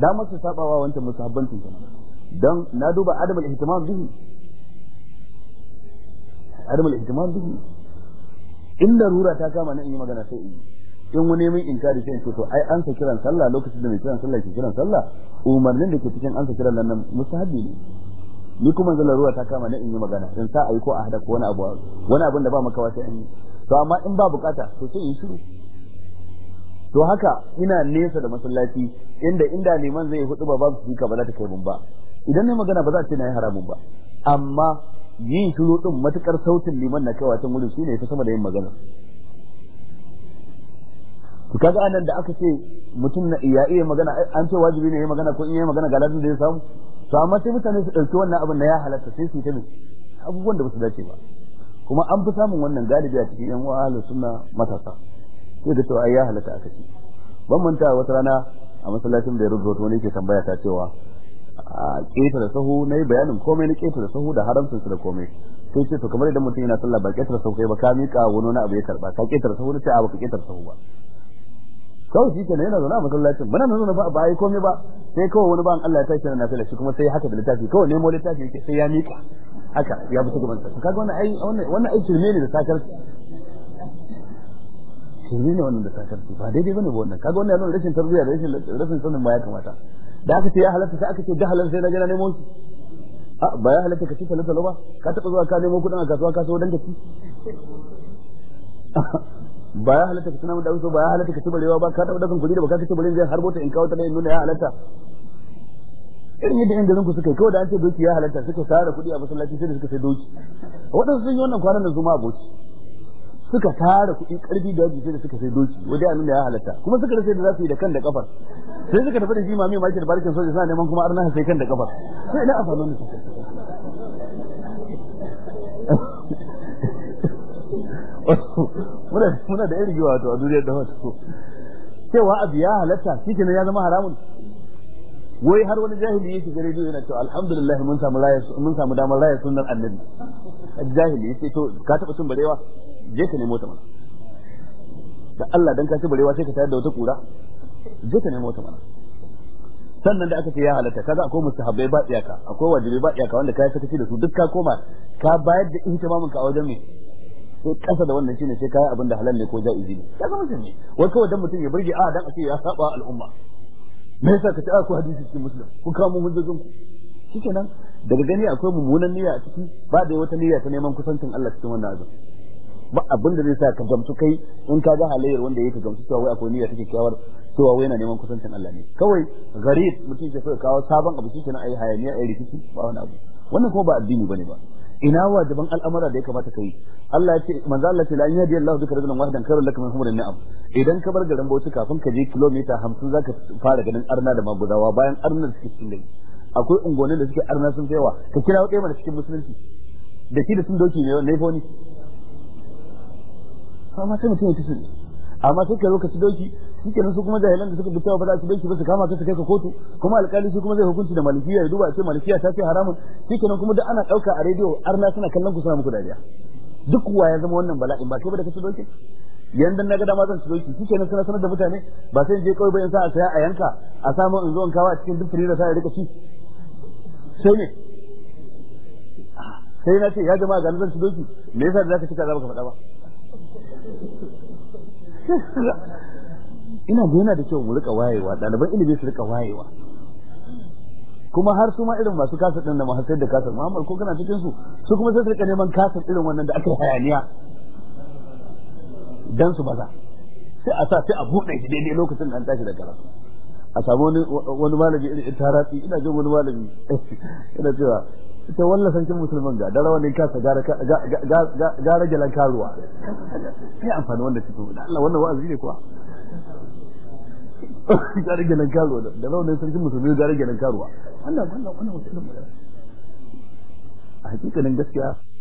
damar su sabawa wancan musabbantin kenan dan na duba adamul ihtimam bihi adamul ihtimam bihi in larura ta kama na in yi magana sai in yi in wani mun kare sai in ce to ai an sa kiran sallah lokacin da mai kiran sallah ke kiran sallah umarnin da ke cikin sa kiran nan mustahabi ne ni kuma zan rura ta kama na in yi magana in sa ayi ko a hada ko wani abu wani abin da ba makawa sai in yi to amma in ba bukata to sai in shiru to haka ina nesa da masallaci inda inda liman zai hudu ba babu ka ba za ta kai mun ba idan ne magana ba za ta ce na yi haramun ba amma yin shiru din matukar sautin liman na kai can wurin ne ta sama da yin magana ku kaga anan da aka ce mutum na iya iya magana an ce wajibi ne ya magana ko in ya magana ga ladan da ya samu to amma sai mutane su dauki wannan abin da ya halatta sai su yi abubuwan da ba su dace ba kuma an fi samun wannan galibi a cikin yan wa'ala suna matasa sai da cewa ai ya halatta aka ci ban manta wata rana a masallacin da ya rubuta wani ke tambaya ta cewa da sahu na yi bayanin komai na da sahu da haramsun su da komai sai ce to kamar idan mutum yana sallah ba da sahu kai ba ka miƙa wani wani abu ya karba ka da sahu na sai a ba ka sahu ba kawai shi kenan yana zaune a masallacin muna nan ba ba yi komai ba sai kawai wani ban Allah ya tashi na nafila shi kuma sai haka da littafi kawai nemo littafi yake sai ya miƙa haka ya bi gaban sa kaga wannan ai wannan ai shirme ne da sakar shirme ne wannan da sakar ba daidai bane ba wannan kaga wannan yana rashin tarbiyya rashin rashin sanin ma ya kamata da aka ce ya halatta sai aka ce da halal sai na gina nemo shi a ba ya halatta ka ci talo ba ka taɓa zuwa ka nemo kuɗin a kasuwa ka so dan ka ci ba ya halatta ka ci namun da ba ya halatta ka ci barewa ba ka taɓa dakan kuɗi da ba ka ci barewa zai harbo ta in kawo ta ne nuna ya halatta irin yadda yan garin ku suka yi kawai da an ce doki ya halatta suka tara kuɗi a masallaci sai da suka sai doki waɗansu sun yi wannan kwanan da zuma aboki suka tara kuɗi ƙarfi da wajen sai da suka sai doki wajen annan da ya halatta kuma suka rasa da za su yi da kan da kafar sai suka tafi da shi mami da barikin soja suna neman kuma arna sai kan da kafar sai ina amfanin da muna muna da irin wato a duniyar da sai cewa abu ya halatta shi ne ya zama haramun wai har wani jahili yake gare yana cewa alhamdulillah mun samu mun samu damar rayar sunnar annabi jahili yace to ka taba cin barewa je ka nemo ta mana da Allah dan ka ci barewa sai ka tayar da wata kura je ka nemo ta mana sannan da aka ce ya halatta kaza akwai mustahabbai ba iyaka akwai wajibi ba iyaka wanda yi sakaci da su duk ka koma ka bayar da ihtimamin ka a wajen me sai kasa da wannan shine sai yi abin da halal ne ko jaizi ne kaga musulmi wai kawai dan mutum ya burge a ah, dan a ce ya saba al'umma me yasa ka ci a ah, ku hadisi cikin muslim ku kawo mun hujjojin ku shikenan daga gani akwai mummunan niyya a ciki ba da wata niyya ta neman kusancin Allah cikin wannan azumi ba abin da zai sa ka gamsu kai in ka ga halayyar wanda yake gamsu cewa wai akwai niyya take kyawar cewa wai yana neman kusancin Allah ne kawai gharib mutum ke so kawo sabon abu shi kenan ayi hayaniya ayi rikici ba wani abu wannan kuma ba addini bane ba ina wajiban al'amura da ya kamata kai Allah ya ce manzo Allah ce la in yadi Allah duka rajulan wahidan karul lakum min humrin ni'am idan ka bar garin Bauchi kafin ka je kilomita 50 zaka fara ganin arna da maguzawa bayan arna da suke akwai ungonin da suke arna sun fewa ka kira wa mana cikin musulunci da shi da sun doki ne wani foni amma sai mutum ya ci amma sai ka zo ka su doki nan su kuma jahilan da suka dubta ba za su doki ba su kama ka su kai ka kotu kuma alkali su kuma zai hukunci da malikiya ya duba ce malikiya ta fi haramun Suke nan kuma duk ana ɗauka a rediyo arna suna kallon ku suna muku dariya duk wa ya zama wannan bala'in ba kai ba da ka doki yanzu na ga dama zan ciro shi Suke nan suna sanar da mutane ba sai je kawai ba in sa a saya a yanka a samu in zo in kawo a cikin duk da sa ya rika ci sai ne sai na ce ya jama'a ga zan ci doki me yasa da zaka ci kaza ka faɗa ba ina da yana da kyau mu rika wayewa ɗaliban ilimi su rika wayewa kuma har su ma irin masu kasar ɗin da masu sayar da kasar muhammad ko kana cikin su su kuma sai su rika neman kasar irin wannan da aka yi hayaniya dan su baza sai a sa sai a buɗe shi daidai lokacin da an tashi da karatu a samu wani malami irin in taratsi ina jin wani malami ina cewa ita walla sankin musulman ga dara wani kasa gara galan karuwa ya amfani wanda fito da Allah wannan wa'azi ne kuwa gara galan karuwa da rawa sankin musulmi gara galan karuwa wannan wannan wannan a hakikanin gaskiya